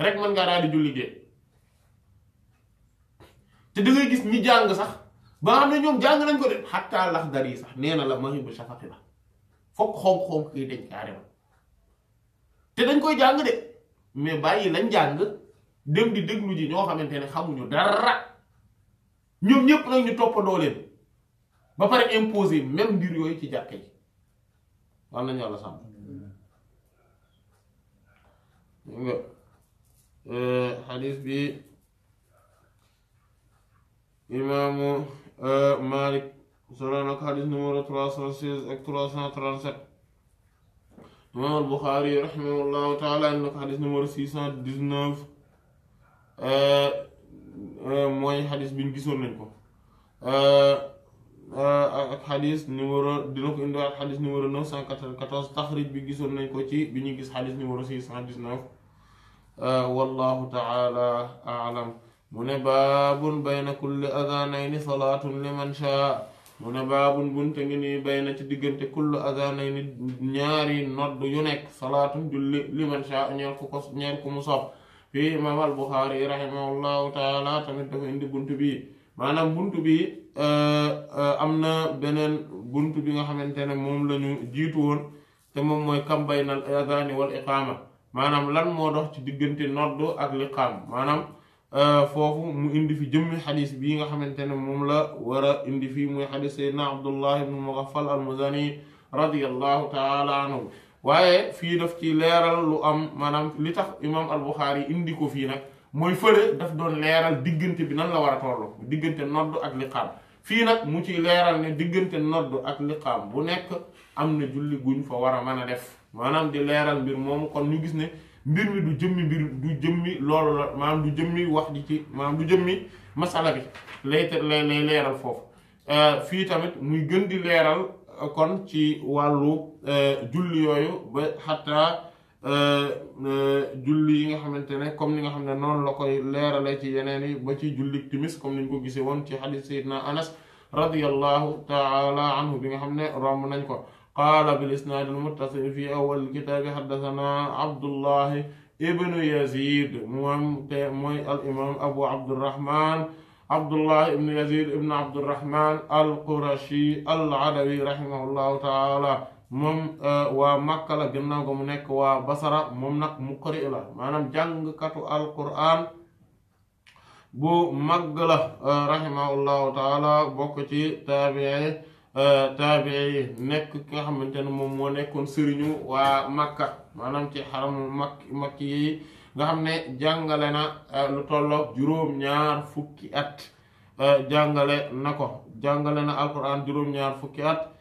rek mën ngaa daal di julli te da gis ñi jàng sax baa xam ne ñoom jàng nañ ko de xataa lax dar yi sax nee na la mahibu shafaqi la fokk xonq-xonq yi dañ carrément te dañ koy jàng de mais bàyyi lañ jàng dem di déglu ji ñoo xamante ne xamuñu dara ñoom ñëpp nag ñu toppandoo leen ba pare imposer même mbir yooyu ci jàkka yi war nañu yàlla sàmm. xadis euh, bi imaamu euh, Malik solo na ko xadis numéro 316 ak 337. imam al Buxaari rahimahullahu taala indi na ko xadis numéro six cent dix-neuf mooy xadis bi ñu gisoon nañ ko ak xadis numéro dina ko indiwaat xadis numéro neuf cent quatre-vingt-quatorze taxrij bi gisoon nañ ko ci bi ñuy gis xadis numéro six cent dix-neuf wallahu taala alam mu ne baabun bayna kulli adhanayni salaatun liman shaa mu ne baabun bunte ngi nii bay na ci diggante kullu azanay ni ñaari nodd yu nekk salaatun julli liman sha ñeel ku ko ñeel ku mu sopp fii imaam al buxaari rahimahullahu taala tamit dafa indi bi bii maanaam buntu bi euh, euh, am na beneen bunt bi nga xamante ne moom la ñu jiitu woon te moom mooy kam baynal azani wal iqaama maanaam lan moo dox ci diggante nodd ak liqaam maanaam fofu mu indi fi jëmmi hadith bi nga xamantene mom la wara indi fi muy hadith saydna abdullah ibn mughaffal al-muzani radiyallahu taala anhu waye fi daf ci leral lu am manam li tax imam al-bukhari indi ko fi nak moy feure daf doon leral diggante bi nan la wara a tollu diggante nodd ak liqaam fi nak mu ci leral ne diggante noddu ak liqaam bu nek amna julli guñ fa wara a def manam di leral mbir mom kon ñu gis ne mbir mi du jëmmi mbir du jëmmi loolu la maanaam du jëmmi wax ji ci maanaam du jëmmi masala bi lay lay leeral foofu euh, fii tamit muy gën di leeral euh, kon ci wàllu euh, julli yooyu ba xataa julli yi nga xamante ne comme ni nga xam ne noonu la koy leerale ci yeneen yi ba ci julli timis comme ni ñu ko gisee woon ci xadiis Seydina Anas radiyallahu taala anhu bi nga xam ne romb nañ ko قال بالإسناد المتصل في أول الكتاب حدثنا عبد الله ابن يزيد مؤمن الإمام أبو عبد الرحمن عبد الله ابن يزيد ابن عبد الرحمن القرشي العربي رحمه الله تعالى مم ومكة جنة ومنك وبصرة ممنك مقرئ له مانم جنگ كتو القرآن بو مغلا رحمه الله تعالى بوكتي تابعي Euh, taabii nekk ki nga xamante ne moom moo nekkoon sëriñu waa Makka maanaam ci xaramu mak makki yi nga xam ne jàngale na euh, lu tolloog juróom-ñaar fukki at euh, jàngale na ko jàngale na alquran juróom-ñaar fukki at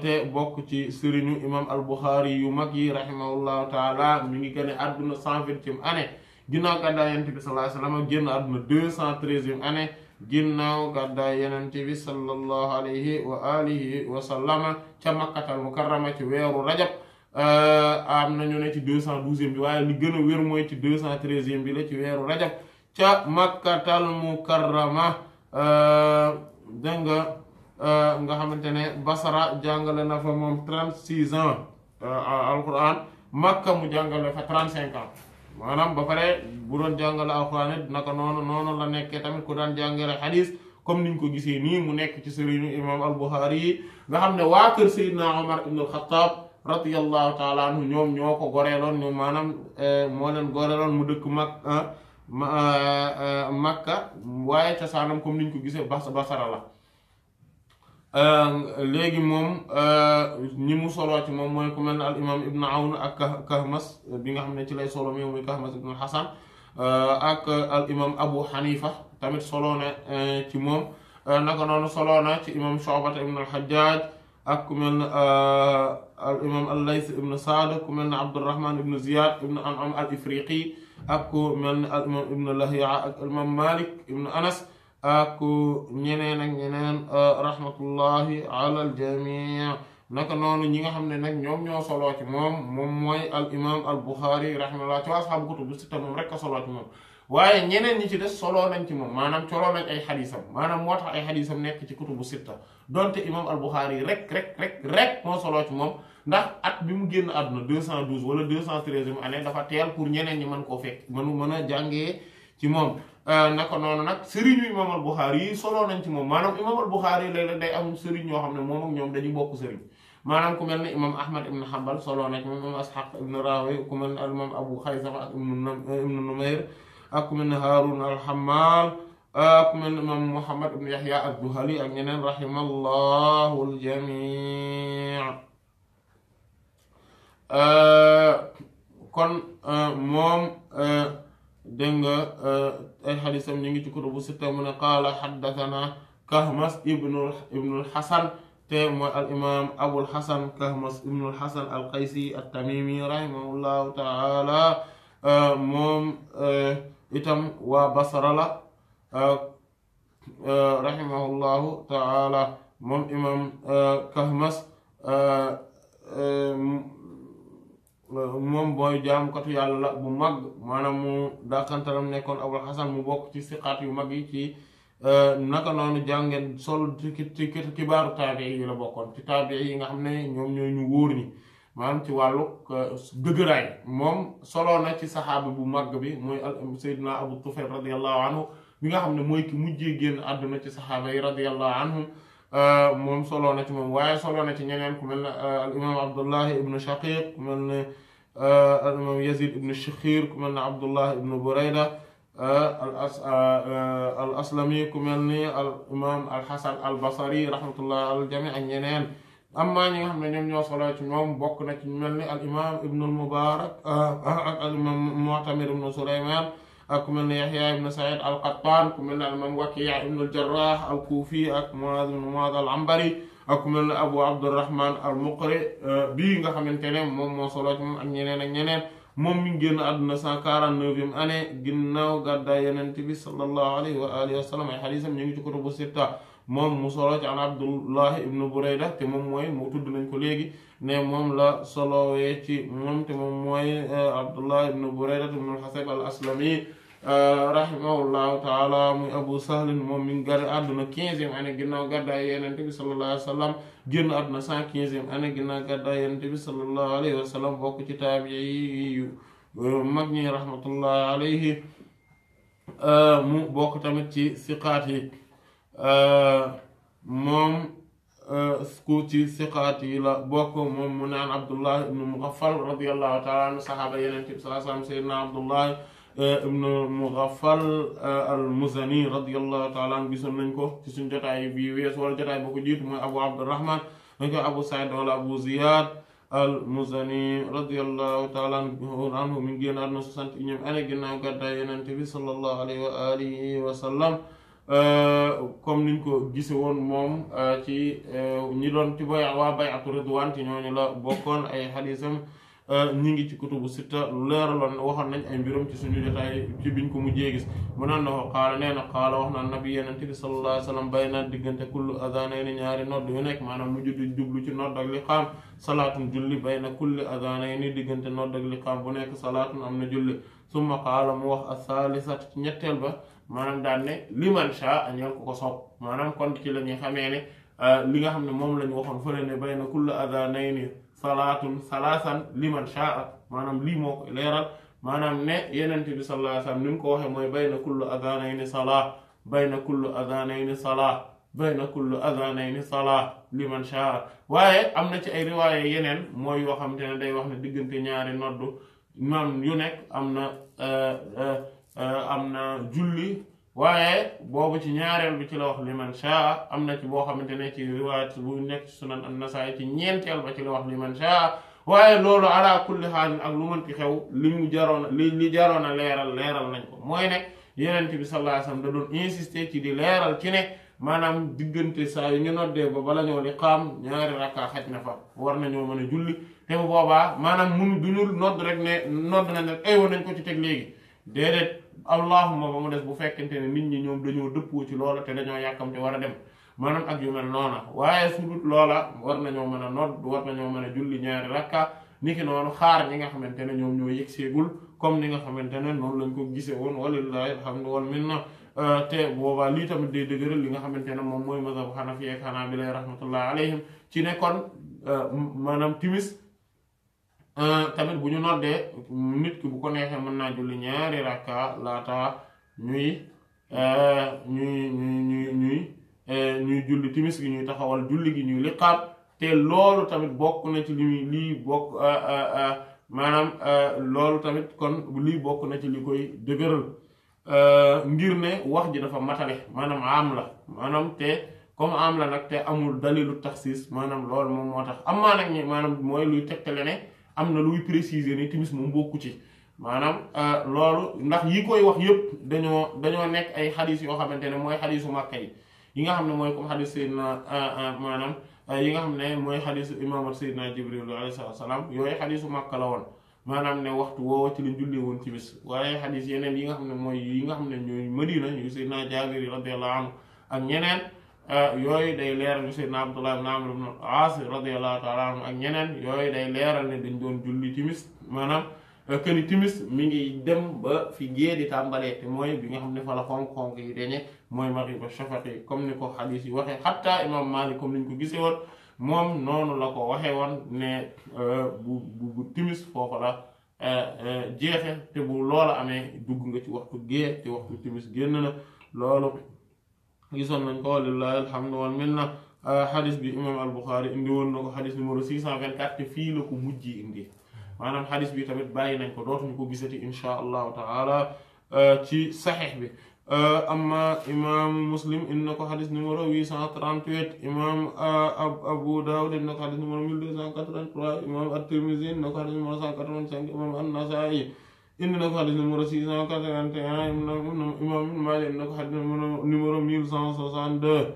te bokk ci sëriñu imam al-Bukhari yu mag yi rahimahullahu taala mi ngi gane àdduna cent vingtième année ginnaaw gàddaay Yonent bi sallallahu alayhi wa sallam génn àdduna deux cent treizième année ginnaaw gàddaay yenent bi sallallahu alayhi wa alihi wa sallama ca makkatal mukarrama ci weeru rajab euh, am na ne ci deux cent bi waaye li gën a wér mooy ci deux cent treizième bi la ci weeru rajab ca makkatal mukarrama euh, dégg nga euh, nga xamante ne basara jàngale na fa moom trente six ans alquran makka mu jàngale fa trente cinq ans maanaam ba pare bu doon jàngale alxuraan it naka noonu noonu la nekkee tamit ku daan jàngale xadis comme niñ ko gisee nii mu nekk ci sëriñu imam al-Bukhari yi nga xam ne waa kër Seydina Omar ibn al radiyallahu taala anhu ñoom ñoo ko goreeloon maanaam eh, moo leen goreeloon mu dëkk mag ah, eh, eh, Makka waaye cosaanam comme ñu ko gisee Bas Basara la léegi moom ñi mu soloo ci moom mooy ku mel ne al imam ibn awn ak kahmas bi nga xam ne ci lay solo mi muy kahmas ibn hasan ak al imam abu hanifa tamit soloo na ci moom naka noonu soloo na ci imam shobata ibn al hajjaj ak ku mel ne al imam al lays ibn saad ku mel ne abdurrahman ibn ziyad ibn anam al ifriqi ak ku mel ne al imam ibn lahiya ak al imam malik ibn anas ak ñeneen ak ñeneen euh, rahmatullahi ala al jamii naka noonu ñi nga xam ne nag ñoom ñoo soloo moom moom mooy al imam al buxaari rahimahullah ci waa asxaabu kutubu sitta moom rek a soloo moom waaye ñeneen ñi ci des soloo nañ ci moom maanaam coloo nañ ay xadisam maanaam moo tax ay xadisam nekk ci kutubu sitta donte imam al buxaari rek rek rek rek moo soloo ci moom ndax at bi mu génn àdduna 212 wala 213 année dafa teel pour ñeneen ñi mën koo fekk mënu mën a jàngee ci moom Eh, naka nonu nak serigne imam al bukhari solo nañ ci mom manam imam al bukhari lay la day am serigne ñoo xamne mom ak ñoom dañu bokk serigne manam ku melni imam ahmad ibn Hanbal solo nañ ci imam Ishaq ibn Rawi ku mel al imam Abu khayza ak ibn Numayr ak ku mel harun al hammal ak mel imam Muhammad ibn Yahya Al duhali ak ñeneen rahimallahu al jamii eh, kon eh, moom dégg nga eh, ay xadisam ñu ngi ci kutubu sitta mu ne qaala xaddathana kahmas ibnu ibnul xasan te mooy al imam abul xasan kahmas ibnul xasan al qaysi at tamimi rahimahullahu taala eh, moom eh, itam waa basara la rahimahullahu taala moom imam kahmas moom booy jaamkatu yàlla la bu mag maanaam mu dàqantalam nekkoon abul xasan mu bokk ci siqaat yu mag yi ci e, naka noonu jàngeen sol ci ci kibaaru taabii yi la bokkoon ci taabii yi nga xam ne ñoom ñoo ñu wóor ñi maanaam ci wàllu e, dëgëraay moom soloo na ci saxaaba bu mag bi mooy Seydina Abu Tufayl radiyallahu anhu bi nga xam ne mooy ki mujjee génn àdduna ci saxaaba yi radiyallahu anhum moom solo na ci moom waaye solo na ci ñeneen ku mel ne al imam abdullahi ibnu shaqiq ku mel ne al imam yazid ibnu shikhir ku mel ne abdullahi ibnu burayda al as al aslami ku mel ni al imam al hasan al basri rahmatullah al jami ak ñeneen amma ñi nga xam ne ñoom ñoo solo ci moom bokk na ci mel ni al imam ibnu al mubarak ak al imam mu'tamir ibnu sulayman ak ku mel ne Yahya ibn Sa'id al-Qattan ku mel ne al-imam Waki' ibn al-Jarrah al-Kufi ak Mu'adh ibn Mu'adh al-Anbari ak ku mel ne Abu Abdurrahman al-Muqri euh, bii nga xamante ne moom moo solo ci moom ak ñeneen ak ñeneen moom mi ngi génn àdduna 149e année ginnaaw gàddaay Yonent bi sallallahu alayhi wa alihi wa sallam ay hadiisam ñu ngi ci kutubu sitta moom mu solo ci an abdullahi ibnu burayda te moom mooy mu tudd nañ ko léegi ne moom la solowee ci moom te moom mooy eh, abdullahi ibnu burayda ibnu xaseb al aslami eh, rahimahullahu taala muy abu sahlin moom mi ngi gane àdduna quinzième année ginnaw gàddaay yenente bi sallallahu alayhi wa sallam génn àdduna cent quinzième année ginnaaw gàddaay yenente bi sallallahu alayhi wa sallam bokk ci taabii yu eh, mag ñi rahmatullahi alayhi mu bokk tamit ci siqaat yi moom ku ci siqaat yi la bokk moom mu naan abdullah ibnu mugaffal radiallahu taala anhu saxaaba yenente bi saa sallam seydna abdullah ibnu mugaffal al muzani radiallahu taala anhu gisoon nañ ko ci suñ jotaay bi weesu wala jotaay boo ko jiitu mooy abu abdurahman dañ koy abu saïd wala abu ziyad al muzani radiallahu taala anhu mi ngi génn àdduna soixante et unième année ginnaaw gàddaay yenente bi sallallahu alayhi wa alihi wa sallam Euh, comme niñ ko gise woon moom euh, ci euh, ñi doon ci baya waa bayatu redwan ci ñooñu la bokkoon ay xalisam ñi ngi ci kutubu sitta leeraloon waxoon nañ ay mbirum ci suñu jotaay ci biñ ko mujjee gis mu naan na ko xaala nee na xaala wax na nabi yenente bi salallah ai sallam bay na diggante kullu adanayni ñaari nodd yu nekk maanaam mu judd jublu ci nodd ak li xaam salaatun julli bay na kulli adanayni diggante nodd ak li xaam bu nekk salaatun am na julli suma xaala mu wax asalisat ci ñetteel ba maanaam daan ne liman sha ñeel ko ko soob maanaam kon ci la ñuy xamee ne euh, li nga xam ne moom la ñu waxoon fële ne bay na kullu adanayni salaatun salaasan liman sha maanaam lii moo ko leeral maanaam ne yenent bi sallallahu alayhi wasallam ni mu ko waxee mooy bay na kullu ni salaa bay na kullu adanayni salaa bay na kullu adanayni salaa liman sha waaye am na ci ay riwaaye yeneen mooy yoo xam te ne day wax ne diggante ñaari noddu maam yu nekk am na euh, euh, Euh, am na julli waaye boobu ci ñaareel bi ci la wax liman shaa am na ci boo xamante ne ci riwaayat bu nekk sunan an-Nasaa'i ci ñeenteel ba ci la wax liman shaa waaye loolu ala kulli xaalin ak lu mën ci xew li mu jaroon li li jaroon a leeral leeral nañ ko mooy ne Yonent bi sallallahu alayhi wa sallam da doon insister ci di leeral ci ne maanaam diggante saa yu ñu noddee ba bala ñoo liqaam ñaari rakka xaj na fa war nañoo mën a julli te bu boobaa maanaam munu duñu nodd rek ne nodd nañ rek aywa nañ allahumma ba mu des bu fekkente ne nit ñi ñoom dañoo dëppoo ci loola te dañoo yàkkamte war a dem maanaam ak yu mel noona waaye su dut loola war ñoo mën a nodd war nañoo mën a julli ñaari rakka niki noonu xaar ñi nga xamante ne ñoom ñoo yëg seegul comme ni nga xamante ne noonu lañ ko gise woon walillahi alhamdu wal minna euh, te boobaa lii tamit day dëgëral li nga xamante ne moom mooy mazhabu xanafi ak xanaa bi lay rahmatullahi alayhim ci ne kon euh, maanaam timis Euh, tamit bu ñu noddee nit ki bu ko neexee mën naa julli ñaari rakka laata ñuy euh, ñuy ñuy ñuy euh, ñuy julli timis gi ñuy taxawal julli gi ñuy liqaam te loolu tamit bokk na ci li lii bokk maanaam loolu tamit kon lii bokk na ci li koy dëgëral ngir ne wax ji dafa matale maanaam am la maanaam te comme am la nag te amul dalilu taxsiis maanaam loolu moom moo tax am maa nag ñi maanaam mooy luy tegtale ne am na luy préciser ni timis moom bokku ci maanaam euh, loolu ndax yi koy wax yëpp dañoo dañoo nekk ay xadis yoo xamante ne mooy xadisu màkka yi yi nga xam ne mooy comme xadis Seydina euh, euh, maanaam yi nga xam ne mooy xadisu imaamat Seydina Jibril alayhi salaam yooyu xadisu màkka la woon maanaam ne waxtu woo ci la julli woon timis waaye xadis yeneen yi nga xam ne mooy yi nga xam ne ñooy Madina yu Seydina Jaabir radiyallahu anhu ak ñeneen Ah, yooyu day leeral ne Seydina Abdullah ibn Amr ibn al ak ñeneen yooyu day leeral ne dañ doon julli timis maanaam këni euh, timis mi ngi dem ba fi gée di tàmbalee te mooy bi nga xam ne fa la xonk-xonk yi dañe mooy magriba shafaqi comme ni ko xadiis yi waxee xatta imam Maalik comme ni ñu ko gisee woon moom noonu la ko waxee woon ne euh, bu bu timis foofu la euh, jeexe te bu loola amee dugg nga ci waxtu gée wax waxtu timis génn na loolu gisoon nañ ko lillahi alhamdu wal minna euh, xadis bi imam al buxaari indi woon na ko xadis numéro 624 te fii la ko mujji indi maanaam xadis bi tamit bàyyi nañ ko dootuñu ko gisati insha allahu taala euh, ci saxiix bi euh, amma imam muslim indi na ko xadis numéro 838 imam abu daawud indi na ko xadis numéro 1283 imam at-tirmisi indi na ko xadis numéro 185 imam an إن نقل نمرة 681 إمام ابن مالي نقل نمرة 1162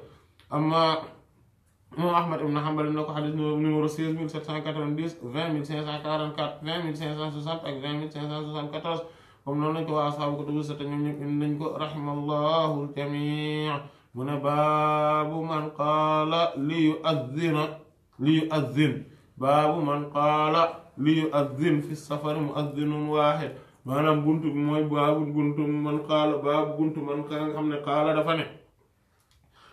أما إمام أحمد بن حنبل نقل نمرة 6790 20544 20567 20574 ومن هنا كوا أصحاب كتب ستنجم نعم، إن نجم رحم الله الجميع من باب من قال ليؤذن ليؤذن باب من قال ليؤذن في السفر مؤذن واحد maanaam bunt mooy baabu bunt man xaala baabu buntu man ka xam ne xaala dafa ne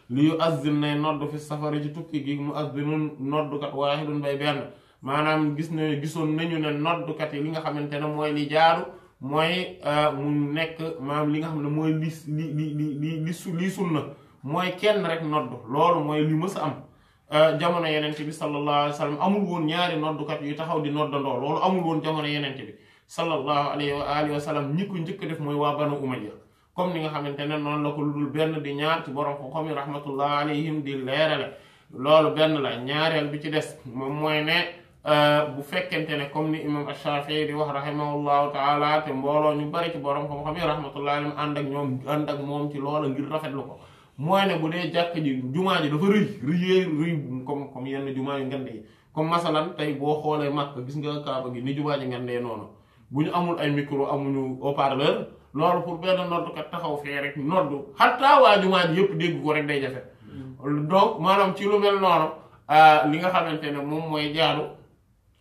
li yu azzin nay nodd fi safara ci tukki gi mu azzinun noddkat waahidun bay benn maanaam gis na gisoon nañu ne noddkat yi li nga xamante ne mooy li jaaru mooy euh, mu nekk maanaam li nga xam ne mooy li li li li li su lii mooy kenn rek nodd loolu mooy li mës a am euh, jamono yenente bi sallallahu alayhi wa amul woon ñaari noddkat yu taxaw di noddandoo loolu amul woon jamono yenente bi sallallahu alaihi wa alihi wa ñi ko ñëk def moy wa banu umayya comme ni nga xamantene non la ko ludul ben di ñaar ci borom ko xam rahmatullah alaihim di leral lolu ben la ñaarel bi ci dess mom moy ne euh, bu fekente ne comme ni imam ash-shafi'i di wax rahimahullahu taala te mbolo ñu bari ci borom xam-xam yi rahmatullah alaihim and ak ñom and ak mom ci lolu ngir lu ko moy ne bu dee jakk ji juma ji dafa reuy reuy reuy comme comme yenn juma yu ngand yi comme masalan tay bo xoolee màkk gis nga kaaba gi ni juma ji ngandee bu ñu amul ay micro amuñu haut-parleur loolu pour benn noddkat taxaw fee rek noddu xataa waa jumaa ji yëpp dégg ko rek day jafe donc maanaam ci lu mel noonu euh, li nga xamante ne moom mooy jaadu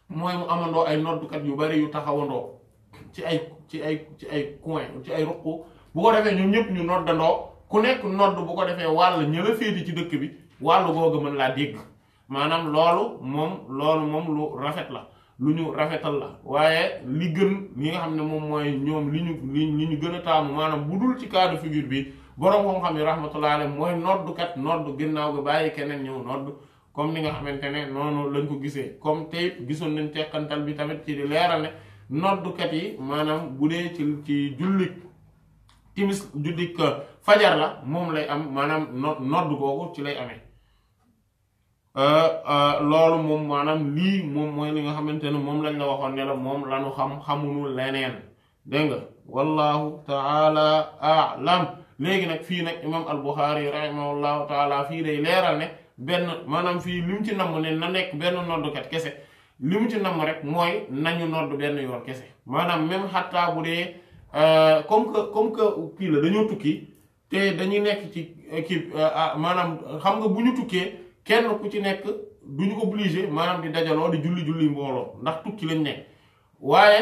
mooy mu amandoo ay noddukat yu bari yu taxawandoo ci ay ci ay ci ay coin ci ay ruq bu ko defee ñoom ñëpp ñu noddandoo ku nekk nodd bu ko defee wàll ña féeti ci dëkk bi wàll googu mën laa dégg maanaam loolu moom loolu moom lu rafet la lu ñu rafetal la waaye li gën li nga xam ne moom mooy ñoom li ñu li ñu gën a taamu maanaam bu dul ci cas de bi borom ko xam ne rahmatullahi alayhi mooy noddukat noddu ginnaaw ga bàyyi keneen ñëw noddu comme ni nga xamante ne noonu lañ ko gisee comme tey gisoon nañ teqantal bi tamit ci di leeral ne noddukat yi maanaam bu dee ci ci jullit timis jullit fajar la moom lay am maanaam no nodd googu ci lay amee. Euh, euh, loolu moom maanaam lii moom mooy li nga xamante ne moom lañ la waxoon ne la moom lañu xam xamunu leneen dégg nga wallahu taala lam léegi nag fii nag imam al-Bukhari rahimahullahu fii day leeral ne benn maanaam fii li mu ci namm ne na nekk benn noddukat kese li mu ci namm rek mooy nañu nodd benn yoon kese maanaam même xattaa bu dee euh, comme que comme que kii la dañoo tukki te dañuy nekk ci kii ah, maanaam xam nga bu ñu tukkee kenn ku ci nekk ñu obligé maanaam di dajaloo di julli julli mbooloo ndax tukki lañ nekk waaye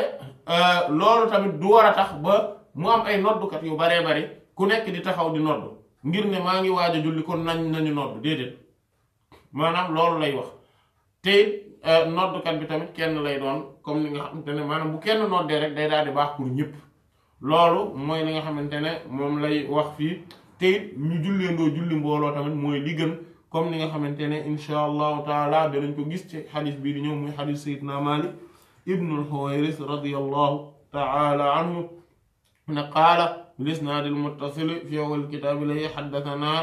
euh, loolu tamit du war a tax ba mu am ay noddukat yu baree bari ku nekk di taxaw di nodd ngir ne maa ngi waaj a julli kon nañ nañu nodd déedéet maanaam loolu lay wax te euh, noddukat bi tamit kenn lay doon comme ni nga xamante ne maanaam bu kenn noddee rek day daal di baax pour ñëpp loolu mooy li nga xamante ne moom lay wax fii te it ñu julleendoo julli mbooloo tamit mooy li gën comme ni nga xamante ne insha allahu taala danañ ko gis ci xadis bii di ñëw muy xadis sayidna malik ibnu lxuwayris radiallahu taala anhu ne qaala lisnaadil muttasili fi awal kitaabi lay xaddatanaa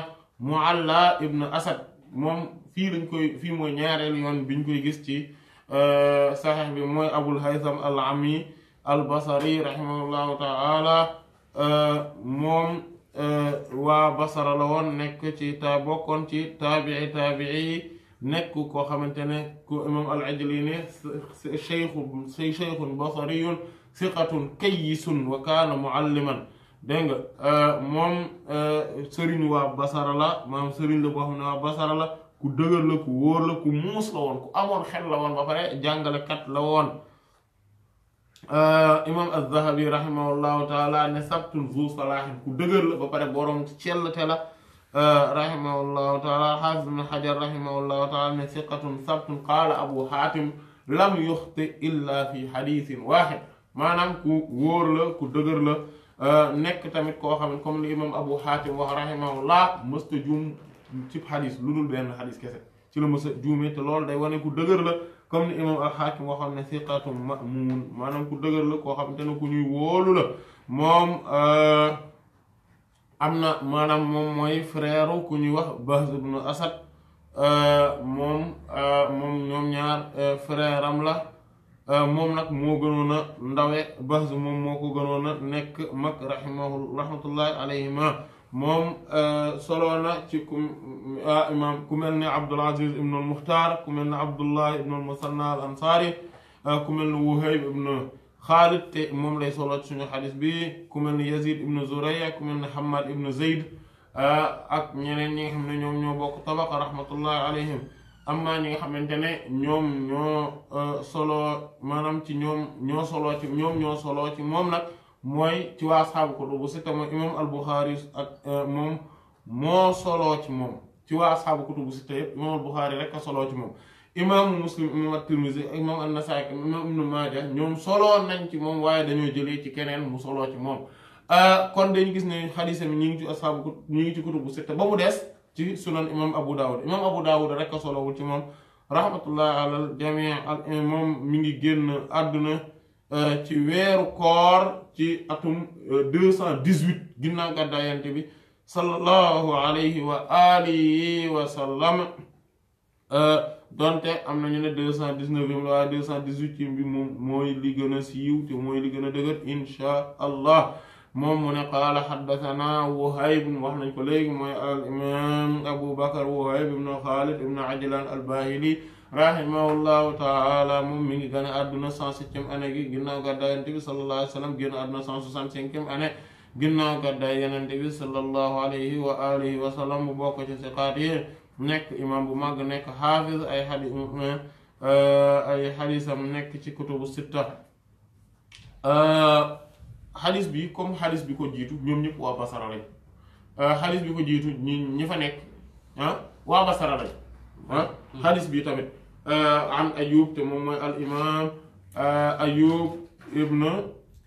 mualla ibnu asad moom fii lañ koy mooy ñaareel yoon biñ koy gis ci euh, saxex bi mooy abul haytham al ami al basari taala euh, moom Euh, waa basara la woon nekk ci ta bokkoon ci taabii taabii yi nekk koo xamante ne ku imam al-Ajli ne cheykhun cheykhun basariyun siqatun kayyisun wa kaana mualliman dégg nga euh, moom euh, sëriñ waa basara la maanaam sëriñ la boo xam ne waa basara la ku dëgër la ku wóor la ku muus la woon ku amoon xel la woon ba pare jàngalekat la woon imam az-zahabi rahimahullahu taala ne sabtul zu salah ku deugal ba pare borom cellte tela rahimahullahu taala xaafis ibn xajar rahimahullahu taala ne siqatun sabtun qala abu hatim lam yukhti illa fi hadith wahid manam ku wor la ku dëgër la nek tamit ko xamne comme li imam abu hatim wa rahimahullah mustajum ci hadith lulul ben hadith xadis kese ci lu mësa djumé te loolu day wone ku dëgër la comme ni imam alxaakim waxoon ne siqatum ma'mun maanaam ku dëgër la koo xamante ne ku ñuy wóolu la moom euh, am na maanaam moom mooy frère ku ñuy wax bahz ibn asad euh, moom euh, moom ñoom ñaar frère la moom nag moo gënoon a ndawe bahz moom moo ko gënoon nekk mag rahimahu alayhima moom solo na ci ku imam ku mel ni Abdul Aziz ibn al Muxtaar ku mel ni Abdullah ibn al Musanna al Ansaari ku mel ni Wuhayb ibn Xaalid te moom lay solo ci suñu xadis bi ku mel ni Yazid ibn Zuraya ku mel ni Hamad ibn Zayd ak ñeneen ñi nga xam ne ñoom ñoo bokk tabaqa rahmatullahi alayhim amma ñi nga xamante ne ñoom ñoo solo maanaam ci ñoom ñoo solo ci ñoom ñoo solo ci moom nag mooy ci waa asxaabu bu sitta mooy imaam al-Buxaari ak euh, moom moo soloo ci moom ci waa asxaabu kutubu sitta yëpp imaam al-Buxaari rek a soloo ci moom imaamu Muslim imaam at ak imaam an-Nasaa'i ak imaam Ibnu Maaja ñoom soloo nañ ci moom waaye dañoo jëlee ci keneen mu soloo ci moom euh, kon dañu gis ne xadiisam ñi ngi ci asxaabu ñi ngi ci kutubu sitta ba mu des ci sunan imaam Abu Daawud imaam Abu Daawud rek a ci moom rahmatullahi alal jamii moom mi ngi génn àdduna Euh, ci weeru koor ci atum euh, deux cent dix-huit ginnaaw gàddaay yonent bi sallallahu alayhi wa alihi wa sallam euh, donte am nañu ne deux cent dix-neuf yi waaye deux cent dix-huit yi bi mooy li gën a siiw te mooy li gën a dëgër insha allah moom mu ne qaala xaddathana Wuhayb wax nañ ko léegi mooy al imam Abu Bakar Wuhayb ibn Xaalid ibn Ajlan al-Bahili rahimahullahu taala moom mi ngi gën a àdduna cent septième année gi ginnaaw gàddaay Yonent bi sallallahu alayhi wa sallam génn àdduna cent soixante-cinquième année ginnaaw gàddaay Yonent bi sallallahu alayhi wa alihi wa sallam bu bokk ci siqaat nekk imam bu mag nekk xaafiz ay xadi euh, ay xadisam nekk ci kutubu sitta xadis euh, bi comme xadis bi ko jiitu ñoom ñëpp waa Basara xadis euh, bi ko jiitu ñi fa nekk ah, waa Basara xadis ah. mm-hmm. bi tamit an ayub te moom al imam ayub ibn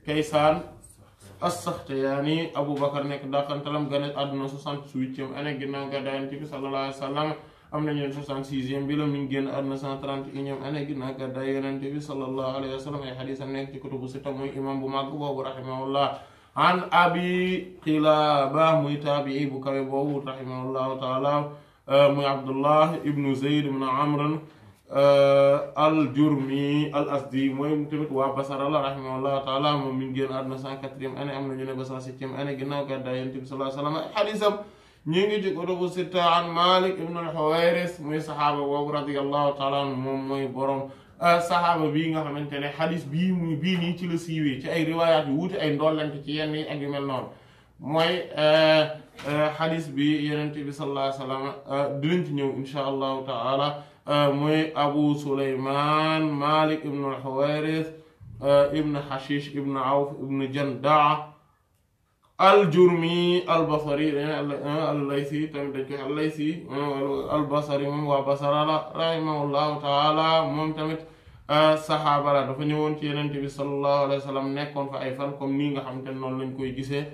kaysaan as-saxtiyaani abu bakar nekk dàqantalam gane àdduna soixante-huitième année ginnaaw gàddaay Yonent bi sallallahu alayhi wa sallam am nañu soixante-sixième bi la mi ngi génn àdduna cent trente-et-unième sallallahu alayhi wa sallam ay xadiis am nekk ci kutubu sitta muy imam bu màgg boobu rahimahullah an abi qilaaba muy taabii bu kawe boobu rahimahullahu taala muy abdullah ibnu zayd ibnu Amran Euh, al jurmi al asdi mooy tamit waa basara la rahimahullahu taala moom mi ngi génn àdduna cent quatrième année am na ñu ne ba cent septième année ginnaaw gàddaay yonent bi sallallahu alayhi wa sallam xadisam ñu ngi ci kutubu sitta an malik ibn al xawayris muy boobu radiyallahu taala moom mooy borom euh, saxaaba bii nga xamante ne xadis bi muy bi nii ci la siiwee ci ay riwaayaat yu wuute ay ndollante ci yenn yi ak yu mel noonu mooy euh, xadis euh, bi yenent bi sallallahu alayhi wa sallam euh, dinañ ci ñëw insha allahu taala euh, mooy abu suleyman malik ibnu alxawaris ibnu xashish ibnu awf ibnu jandaa aljurmi albasari allaysi tamit dañ koy allaysi albasari moom waa basara la rahimahullahu taala moom tamit saxaaba la dafa ñëwoon ci yenent bi sallallahu alayhi wa sallam nekkoon fa ay fan comme nii nga xam te noonu lañ koy gisee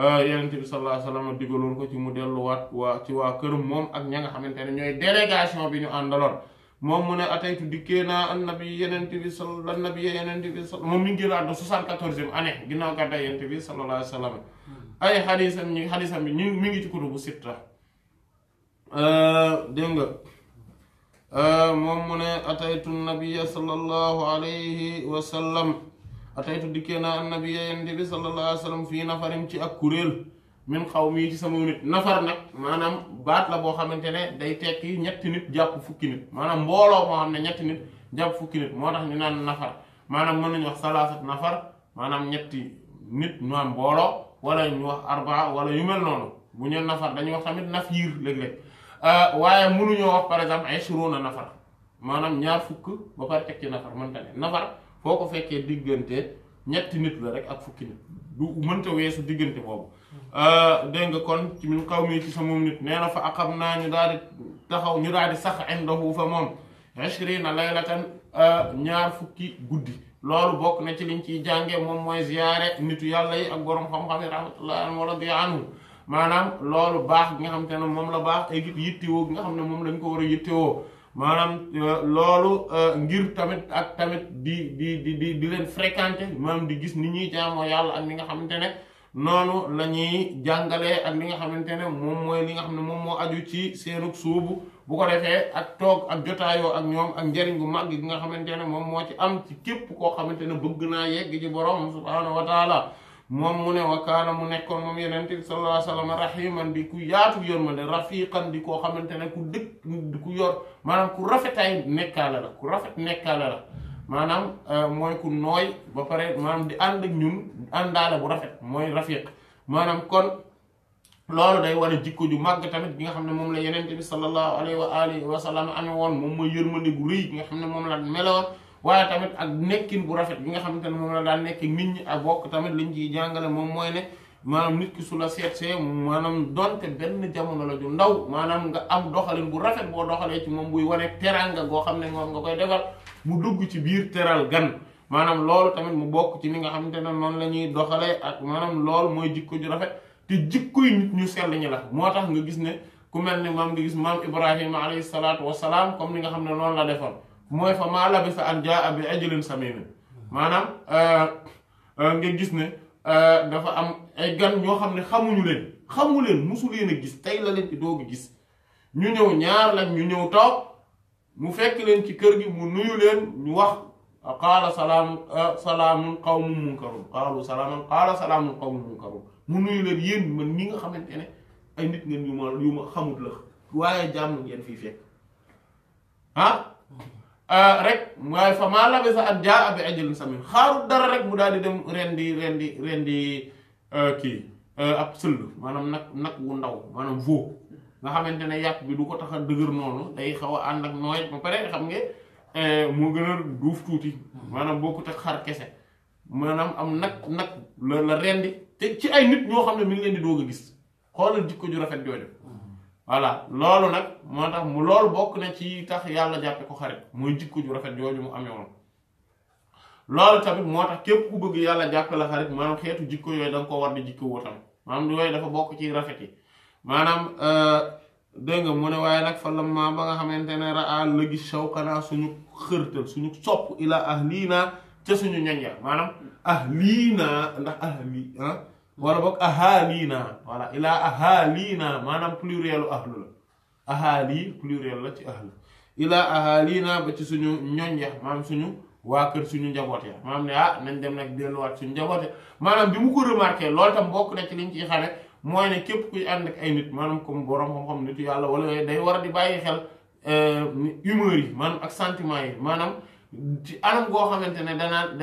Eh, yonent bi sallallahu alayhi wa sallam digaloon ko ci mu delluwaat waa ci waa këram moom ak ña nga xamante ne ñooy bi ñu àndaloon moom mu ne ataytu dikkee naa annabi yonent bi sal annabi yonent bi sal moom mi ngi raadu soixante bi sallallahu alayhi sallam ay xadisam ñi xadisam bi mi ngi ci kutubu sitta dégg nga moom mu ne ataytu sallallahu alayhi Wasallam ataytu dikkee naa annabiya yonent bi sallallahu alayhi wa sallam fii nafarim ci ak kuréel min xaw mii ci sama nit nafar nag maanaam baat la boo xamante ne day tekki ñetti nit jàpp fukki nit maanaam mbooloo moo xam ne ñetti nit jàpp fukki nit moo tax ñu naan nafar maanaam mën nañu wax salaasat nafar maanaam ñetti nit ñu am mbooloo wala ñu wax arbaa wala yu mel noonu bu ñu nafar dañuy wax tamit naf yiir léeg-léeg euh, waaye mënuñoo wax par exemple ay suruna nafar maanaam ñaar fukk ba pare teg ci nafar mënta ne nafar boo ko fekkee diggante ñetti nit la rek ak fukki nit du mënta weesu diggante boobu euh, dégg nga kon ci min xaw mi ci sa moom nit nee na fa axam naa ñu daal di taxaw ñu daal di sax indahu fa moom ashrina laylatan euh, ñaar fukki guddi loolu bokk na ci liñ ciy jànge moom mooy ziyaare nitu yàlla yi ak borom xam-xam yi rahmatullahi anhu wa radiya anhu maanaam loolu baax gi nga xam te ne moom la baax ay yittewoo gi nga xam ne moom lañ ko war a yittewoo maanaam euh, loolu euh, ngir tamit ak tamit di di di di di leen fréquenter maanaam di gis ni ñuy jaamoo yàlla ak li nga xam ne noonu la ñuy jàngalee ak li nga xamante ne moom mooy li nga xam ne moom moo aju ci seenug suubu bu ko defee ak toog ak jotaayoo ak ñoom ak njariñ gu màgg gi nga xamante ne moom moo ci am ci képp koo xamante ne bëgg naa yegg ci borom subhaanahu wa taala moom mu ne wa mu nekkoon moom yenente bi sallallahu alayhi wa sallam rahiman di ku yaatu yërmande rafiqan di koo xamante ne ku dëkk di ku yor maanam ku rafetaay nekkaale la ku rafet la maanaam euh, mooy ku nooy ba pare maanaam di ànd ak ñun àndaale bu rafet mooy rafiq maanaam kon loolu day war a jikko ju màgg tamit nga xam ne moom la yenente bi sallallahu alayhi wa alihi wa sallam amee woon moom mooy yërmande gu rëy bi nga xam ne moom la meloon waye tamit ak nekkin bu rafet bi nga xamantene ne la daan nekk nit ñi ak bok tamit liñ ci jàngale moom mooy ne manam nit ki su la seetsee maanaam donte benn jamono la ju ndaw manam nga am doxalin bu rafet bo doxale ci moom buy wone teranga go xamne ne nga koy defal mu dugg ci biir teral gan manam loolu tamit mu bok ci ni nga xamantene non noonu la ñuy doxalee ak manam lool moy jikko ju rafet te jikkoy nit ñu sell ñi la motax nga gis ne ku melni mam gis mam ibrahim alayhi salatu wassalam comme ni nga xamne non la defal mooy fa maa labisa an jaa bi sa samimin maanaam euh, euh, nga gis ne euh, dafa am ay gan ñoo xam ne xamuñu leen xamu leen musu leen a gis tey la leen ci doogu gis ñu ñëw ñaar lañ ñu ñëw toog mu fekk leen ci kër gi mu nuyu leen ñu wax qaala salaam salaamun qawmun munkarun qaalu salaaman qaala salaamun qawmun munkarun mu nuyu leen yéen man ñi nga xamante ne ay nit ngeen yu ma yu ma xamut la waaye jàmm ngeen fii fekk ah? Eh, rek moy fa maa bisa an jaa bi ajalin samin xaru dara rek mu di dem rendi rendi rendi euh ki euh kii eh, ab sëll nak nak nag wu ndaw manam vo nga xamantene yak bi du ko taxal deugur nonu day xaw a ak noy ba pare xam nge euh mo a duuf tuti manam bokku tak xar kese manam am nak nak la rendi te ci ay nit ñoo xamne mi ngi leen di doga gis xolal jikko ju rafet jojo voilà loolu nag moo tax mu loolu bokk na ci tax yàlla jàppe ko xarit mooy jikko ju rafet jooju mu amee woon loolu tamit moo tax képp ku bëgg yàlla jàppe la xarit maanaam xeetu jikko yooyu da nga war di jikko woo tamit maanaam yooyu dafa bokk ci rafet yi maanaam euh, dégg nga mu ne waaye nag fa lamma ba nga xamante ne raa la gis shawkanaa suñu xërtal suñu sopp ila ahlina ca suñu ñanja maanaam ahlina ndax ahli ah wala boog ahaalina voilà ilaa ahaalina maanaam pluriel u ahlu la ahaali pluriel la ci ahlu ilaa naa ba ci suñu ñoñ ya maanaam suñu waa kër suñu njaboot ya maanaam ne ah nañ dem nag delluwaat suñu njaboot ya maanaam bi mu ko remarqué loolu tam bokk na ci liñ ciy xare mooy ne képp kuy ànd ak ay nit maanaam comme borom xam-xam nitu yàlla wala day war di bàyyi xel euh, humeur yi maanaam ak sentiment yi maanaam ci anam goo xamante ne danaan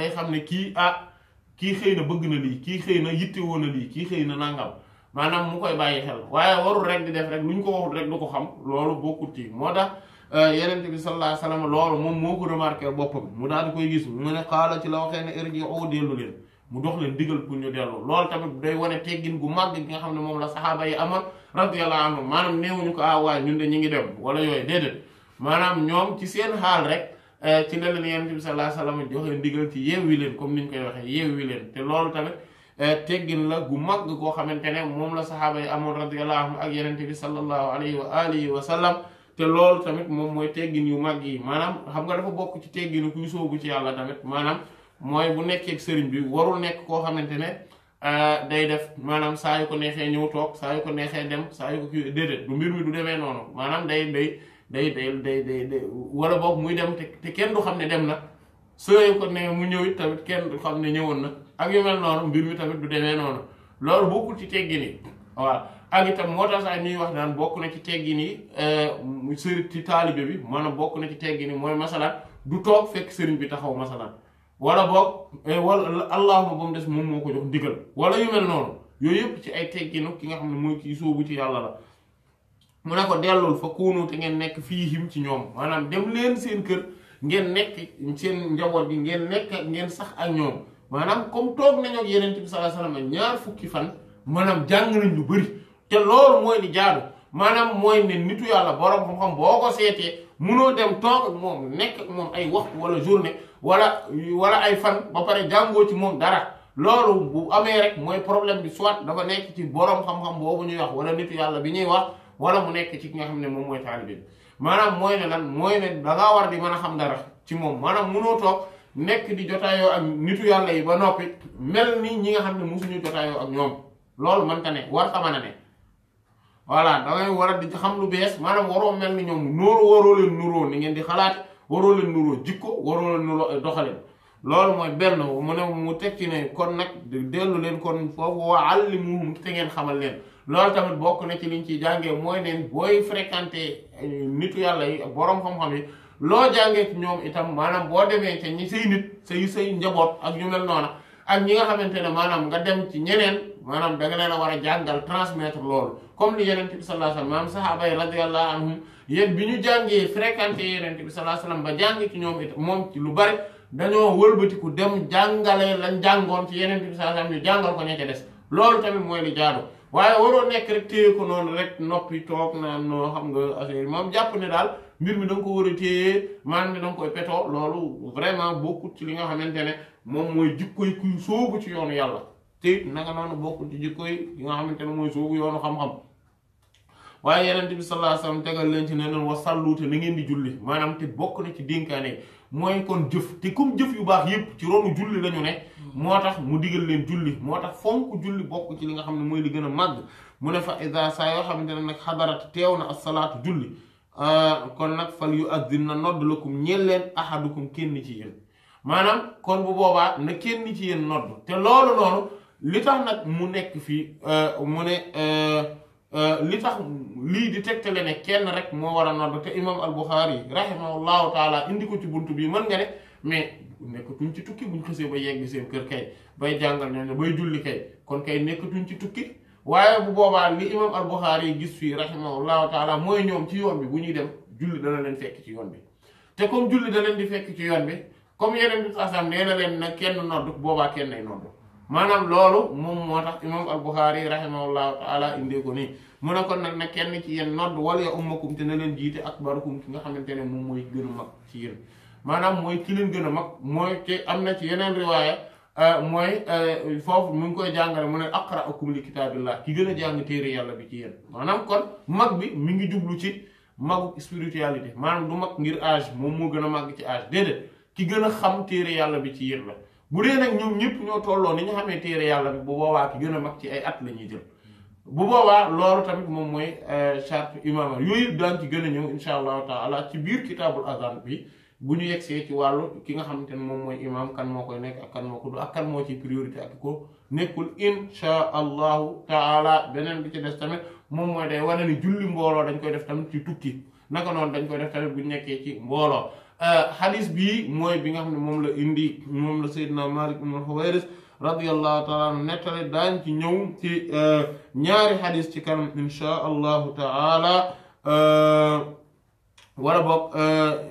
kii xëy na bëgg na lii kii xëy na yittewoo na lii kii xëy na nangam maanaam mu koy bàyyi xel waaye warul rek di def rek lu ñu ko waxul rek du ko xam loolu bokkut ci moo tax euh, yenente bi sallallahu alayhi wasallam loolu moom moo ko remarqué boppam mu daal di koy gis mu ne xaala ci la waxee ne irji'u dellu leen mu dox leen digal pour ñu dellu loolu tamit day wane teggin gu mag gi nga xam ne moom la saxaaba yi amoon radiyallahu anhu maanaam néewuñu ko ah waaye ñun de ñu ngi dem wala yooyu déedéet maanaam ñoom ci seen xaal rek Eh, ci la leen yonent bi sallallahu alayhi wasallam joxe ndigal ci yeewi leen comme niñ koy waxee yeewi leen te loolu tamit eh, teggin la gu mag koo xamante ne moom la saxaaba yi amoon radiyallahu anhum ak yeneen yonent bi sallallahu alayhi wa alihi wa sallam te loolu tamit moom mooy teggin yu mag yi maanaam xam nga dafa bokk ci tegginu kuy soobu ci yàlla tamit maanaam mooy bu nekkee ak sëriñ bi warul nekk koo xamante ne eh, day def maanaam saa yu ko neexee ñëw toog saa yu ko neexee dem saa yu ko kii déedéet du mbir mi du demee noonu maanaam day day. day day day day wala boog muy dem te kenn du xam ne dem na sooy ko ne mu ñëw it tamit kenn du xam ne ñëwoon na ak yu mel noonu mbir mi tamit du demee noonu loolu bokkul ci teggin yi waaw itam moo tax sax ñuy wax naan bokk na ci teggin yi euh, sëriñ ci taalibe bi maanaam bokk na ci teggin yi mooy masalaat du toog fekk sëriñ bi taxaw masalaan wala boog euh, wala allahuma ba mu des moom moo ko jox ndigal wala yu noonu yooyu yëpp ci ay tegginu ki nga xam ne muy kii sóobu ci yàlla la mu ne ko dellul fa kuunu te ngeen nekk fii him ci ñoom maanaam dem leen seen kër ngeen nekk seen njaboot bi ngeen nekk ngeen sax ak ñoom maanaam comme toog nañoo ak yeneen bi sallallahu alayhi wasallam ñaar fukki fan maanaam jàng nañ lu bëri te loolu mooy li jaanu maanaam mooy ne nitu yàlla borom xam-xam boo ko seetee munoo dem toog moom nekk moom ay waxtu wala journée wala wala ay fan ba pare jàngoo ci moom dara loolu bu amee rek mooy problème bi soit dafa nekk ci borom xam-xam boobu ñuy wala nitu yàlla bi ñuy wax. wala mu nekk ci ki nga xam ne moom mooy taalibe bi maanaam mooy ne lan mooy ne da ngaa war di mën a xam dara ci moom maanaam mënoo toog nekk di jotaayoo am nitu yi ba noppi mel ni ñi nga xam ne musuñu jotaayoo ak ñoom loolu mën ta ne war ta mën a ne voilà da war a di xam lu bees maanaam waroo mel ni ñoom nooru waroo leen nuroo ni ngeen di xalaat waroo leen nuroo jikko waroo leen nuroo doxalin loolu mooy benn mu ne mu teg ci ne kon nag dellu leen kon foofu wa allimuhum te ngeen xamal leen loolu tamit bokk na ci liñ ciy jàngee mooy neen booy fréquenté eh, nitu yàlla yi boroom xam-xam yi loo jàngee ci ñoom itam maanaam boo demee ñi say nit say say njaboot ak ñu mel ak ñi nga xamante ne maanaam nga dem ci ñeneen maanaam da nga leen a war a jàngal transmettre loolu comme li yenent bi sallallahu alayhi wasallam maanaam sahaaba yi radiyallahu anhum bi ñu jàngee fréquenté yenent bi sallallahu alayhi wasallam ba jàng ci ñoom itam moom lu bari dañoo wëlbatiku dem jàngale lañ jàngoon ci yeneen bi sallallahu alayhi wasallam ñu jàngal ko ña ca des loolu tamit mooy li jaadu waaye waroo nekk rek téye ko noonu rek noppi toog naan noo xam nga affaire moom jàpp ne daal mbir mi da nga ko war a téye maanaam ne da nga koy petoo loolu vraiment bokkut ci li nga xamante ne moom mooy jikkoy kuy soobu ci yoonu yàlla te naka noonu bokkut ci jikkoy yi nga xamante ne mooy soobu yoonu xam-xam waaye yeneen bi sallallahu alayhi wa sallam tegal leen ci ne leen wa sallu te na ngeen di julli maanaam ti bokk na ci dénkaane mooy kon jëf te comme jëf yu baax yëpp ci ronu julli lañu ne moo tax mu digal leen julli moo tax fonk julli bokk ci li nga xam ne mooy li gën a mag mu ne fa isa saa yoo xamante ne nag xadarat teew na ak asalaatu julli ah, kon nag fal yu azzin na nodd lakum ñeel leen ahadukum kenn ci yéen maanaam kon bu boobaa na kenn ci yéen nodd te loolu noonu li tax nag mu nekk fii ah, mu ne ah, Euh, li tax lii di tegtale ne kenn rek moo war a nodd te imam al-Bukhari rahimahullahu taala indi ko ci bunt bii mën nga ne mais nekkatuñ ci tukki bu buñ xësee ba yegg seen kër kay bay jàngal ñoo ne bay julli kay kon kay nekkatuñ ci tukki waaye bu boobaa li imam al-Bukhari gis fii rahimahullahu taala mooy ñoom ci yoon bi bu ñuy dem julli dana leen fekk ci yoon bi te comme julli da leen di fekk ci yoon bi comme yeneen bi saasam nee na leen nag kenn nodd boobaa kenn nay nodd maanaam loolu moom moo tax imam al-Bukhari rahimahullahu taala ko nii mu ne kon nag na kenn ci yéen nodd wala ya ummakum te na leen jiite akbarukum ki nga xamante ne moom mooy gën a mag maanaam mooy ki leen gën mag mooy te am na ci yeneen riwaaya euh, mooy euh, foofu mu ngi koy jàngale mu ne aqra'ukum li kitaabillah ki gën a jàng yàlla bi ci yéen maanaam kon mag bi mi ngi jublu ci magu spiritualité maanaam du mag ngir âge moom moo gën a màgg ci âge déedéet ki gën a xam téere yàlla bi ci yéen la bu dee nag ñoom ñëpp ñoo tolloo ni ñu xamee téere yàlla bi bu boobaat gën a mag ci ay at la ñuy jël bu boobaa loolu tamit moom mooy euh, charte imama yooyu daan ci gën a ñëw insha allahu taala ci biir kitaabul azan bi bu ñu yegsee ci wàllu ki nga xamante ne moom mooy imam kan moo koy nekk ak kan moo moo ci priorité ak ko nekkul insha allahu taala beneen bi ci des tamit moom mooy day wane ni julli mbooloo dañ koy def tamit ci tukki naka noonu dañ koy def tamit bu ñu nekkee ci mbooloo xadis euh, bii mooy bi nga xam ne moom la indi moom la Seydina Malik ibn Huwayris radiyallahu taala anhu nettali daañ ci ñëw ci euh, ñaari xadis ci kanam insha allahu taala euh, wala boog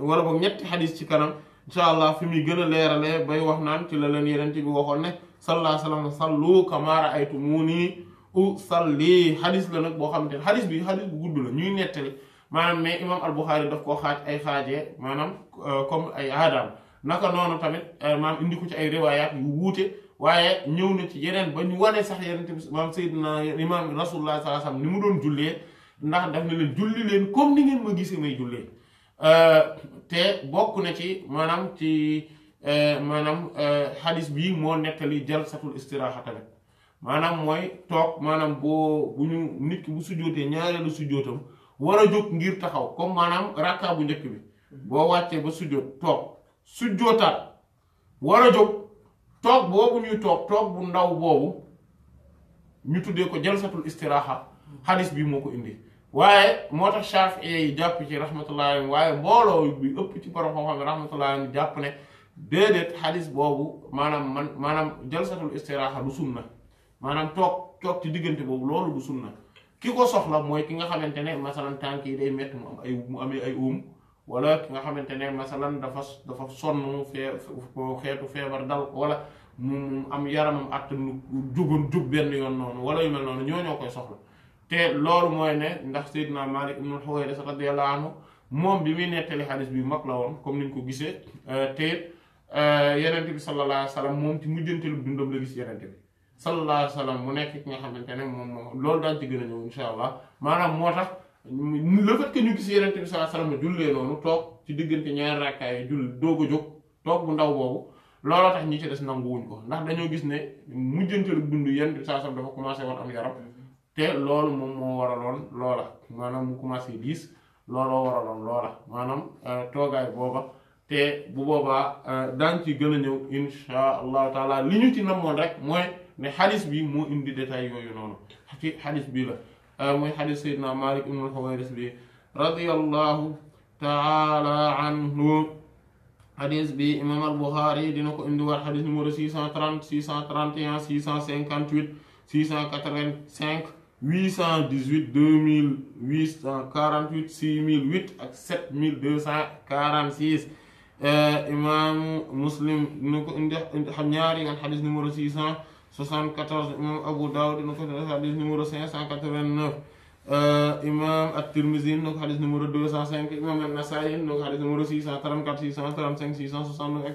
wala boog ñetti xadis ci kanam insha allah fi muy gën a leeralee bay wax naan ci la leen yenente bi waxoon ne sallallahu alayhi wa sallam sallu kamaa ra'aytumuuni usalli xadis la nag boo xamante ne xadis bi xadis bu gudd la ñuy nettali maanaam mais imam al-Bukhari daf koo xaaj ay xaajee maanaam euh, comme ay aadaam naka noonu tamit euh, maanaam indi ko ci ay riwaayaat yu wuute waaye ñëw na ci yeneen ba ñu wane sax yeneen te maanaam Seydina imam Rasulullah sallallahu alayhi wasallam ni mu doon jullee ndax daf ne leen julli leen comme ni ngeen ma gisee may jullee euh, te bokk na ci maanaam ci maanaam xadis bii moo nettali jalsatul istiraaxa tamit maanaam mooy toog maanaam boo bu ñu nit ki bu sujjootee ñaareelu sujjootam war a jóg ngir taxaw comme maanaam rakka bu njëkk bi boo wàccee ba sujjóot toog sujjóotaat war a jóg toog boobu ñu toog toog bu ndaw boobu ñu tuddee ko jalsatul istiraaxa xadis bi moo ko indi waaye moo tax Shaafi'i yi jàpp ci rahmatullahi alayhi waaye mbooloo bi ëpp ci borom xam-xam yi rahmatullahi alayhi jàpp ne déedéet xadis boobu maanaam man maanaam jalsatul istiraaxa du sunna maanaam toog toog ci diggante boobu loolu du sunna ki ko soxla mooy ki nga xamante ne masalan tànk yi day métti mu am ay mu uum wala ki nga xamante ne masalan dafa dafa sonn mu xeetu feebar dal wala mu am yaram at lu jugun jug benn yoon noonu wala yu mel noonu ñoo ñoo koy soxla te loolu mooy ne ndax Seydina Malik ibn Huwayris radiyallahu anhu moom bi muy nettali xadis bi mag la woon comme niñ ko gisee euh, te euh, yenente bi sallallahu alayhi wa sallam moom ci mujjanteelu dundam la gis yenente bi sallallahu alayhi wasallam, sallam mu nekk ki nga xamante ne moom moo loolu daañu ci gën a ñëw allah maanaam moo tax le fait que ñu gis yeneen sallallahu alayhi wasallam sallam jullee noonu toog ci diggante ñaari rakkaay jull doog a jóg toog bu ndaw boobu looloo tax ñi ci des nanguwuñ ko ndax dañoo gis ne mujjanteelu dund yenn sallallahu alayhi wasallam, sallam dafa commencé woon am yaram te loolu moom moo waraloon loola maanaam mu commencé diis looloo waraloon loola maanaam euh, toogaay booba te bu boobaa euh, daan ci gën a ñëw incha allahu taala li ci namoon rek mooy. ne xadis bi moo indi détail yooyu noonu xadis bi la euh, mooy xadis sayyidina Malik ibn al-Huwayris bi radiyallahu taala anhu xadis bi imam al-Bukhari dina ko indi war xadis numéro 630 631 658 685 818 mille 6008 ak 7246 euh, imam Muslim dina ko indi xam ñaari nga xadis numéro 600 74 imam Abu Dawud dina ko xadis numéro 589 imam At-Tirmidhi dina ko xadis numéro 205 imam An-Nasa'i dina ko xadis numéro 634 635 669 ak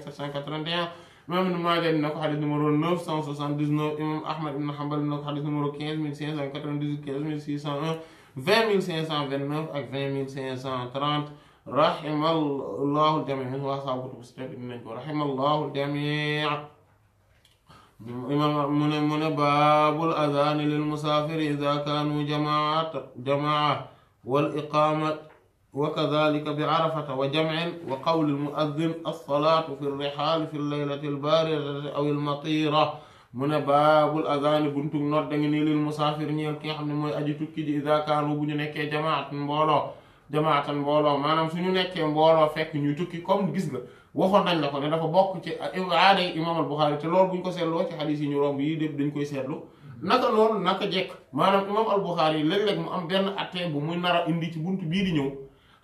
781 imam Ibn Maaja dina ko numéro 979 imam Ahmad ibn Hanbal dina ko xadis numéro 15598 15601 20529 ak 20530 rahimallahu al-jami' wa ashaabu kutubu sitta nañ ko إمام باب الأذان للمسافر إذا كانوا جماعات جماعة والإقامة وكذلك بعرفة وجمع وقول المؤذن الصلاة في الرحال في الليلة الباردة أو المطيرة من باب الأذان بنت نردني للمسافر نيكي حمد مو أجتك إذا كانوا بنيك جماعة مبولو جماعة مبولو ما نمسون نيكي مبولو فك نيتك كم جزنا waxoon nañ la ko ne dafa bokk ci aada yi imaam al Buxaari te loolu bu ñu ko seetloo ci xadiis yi ñu romb yi lépp dañ koy seetlu naka loolu naka jekk maanaam imaam al Buxaari léeg-léeg mu am benn attee bu muy nar a indi ci bunt bii di ñëw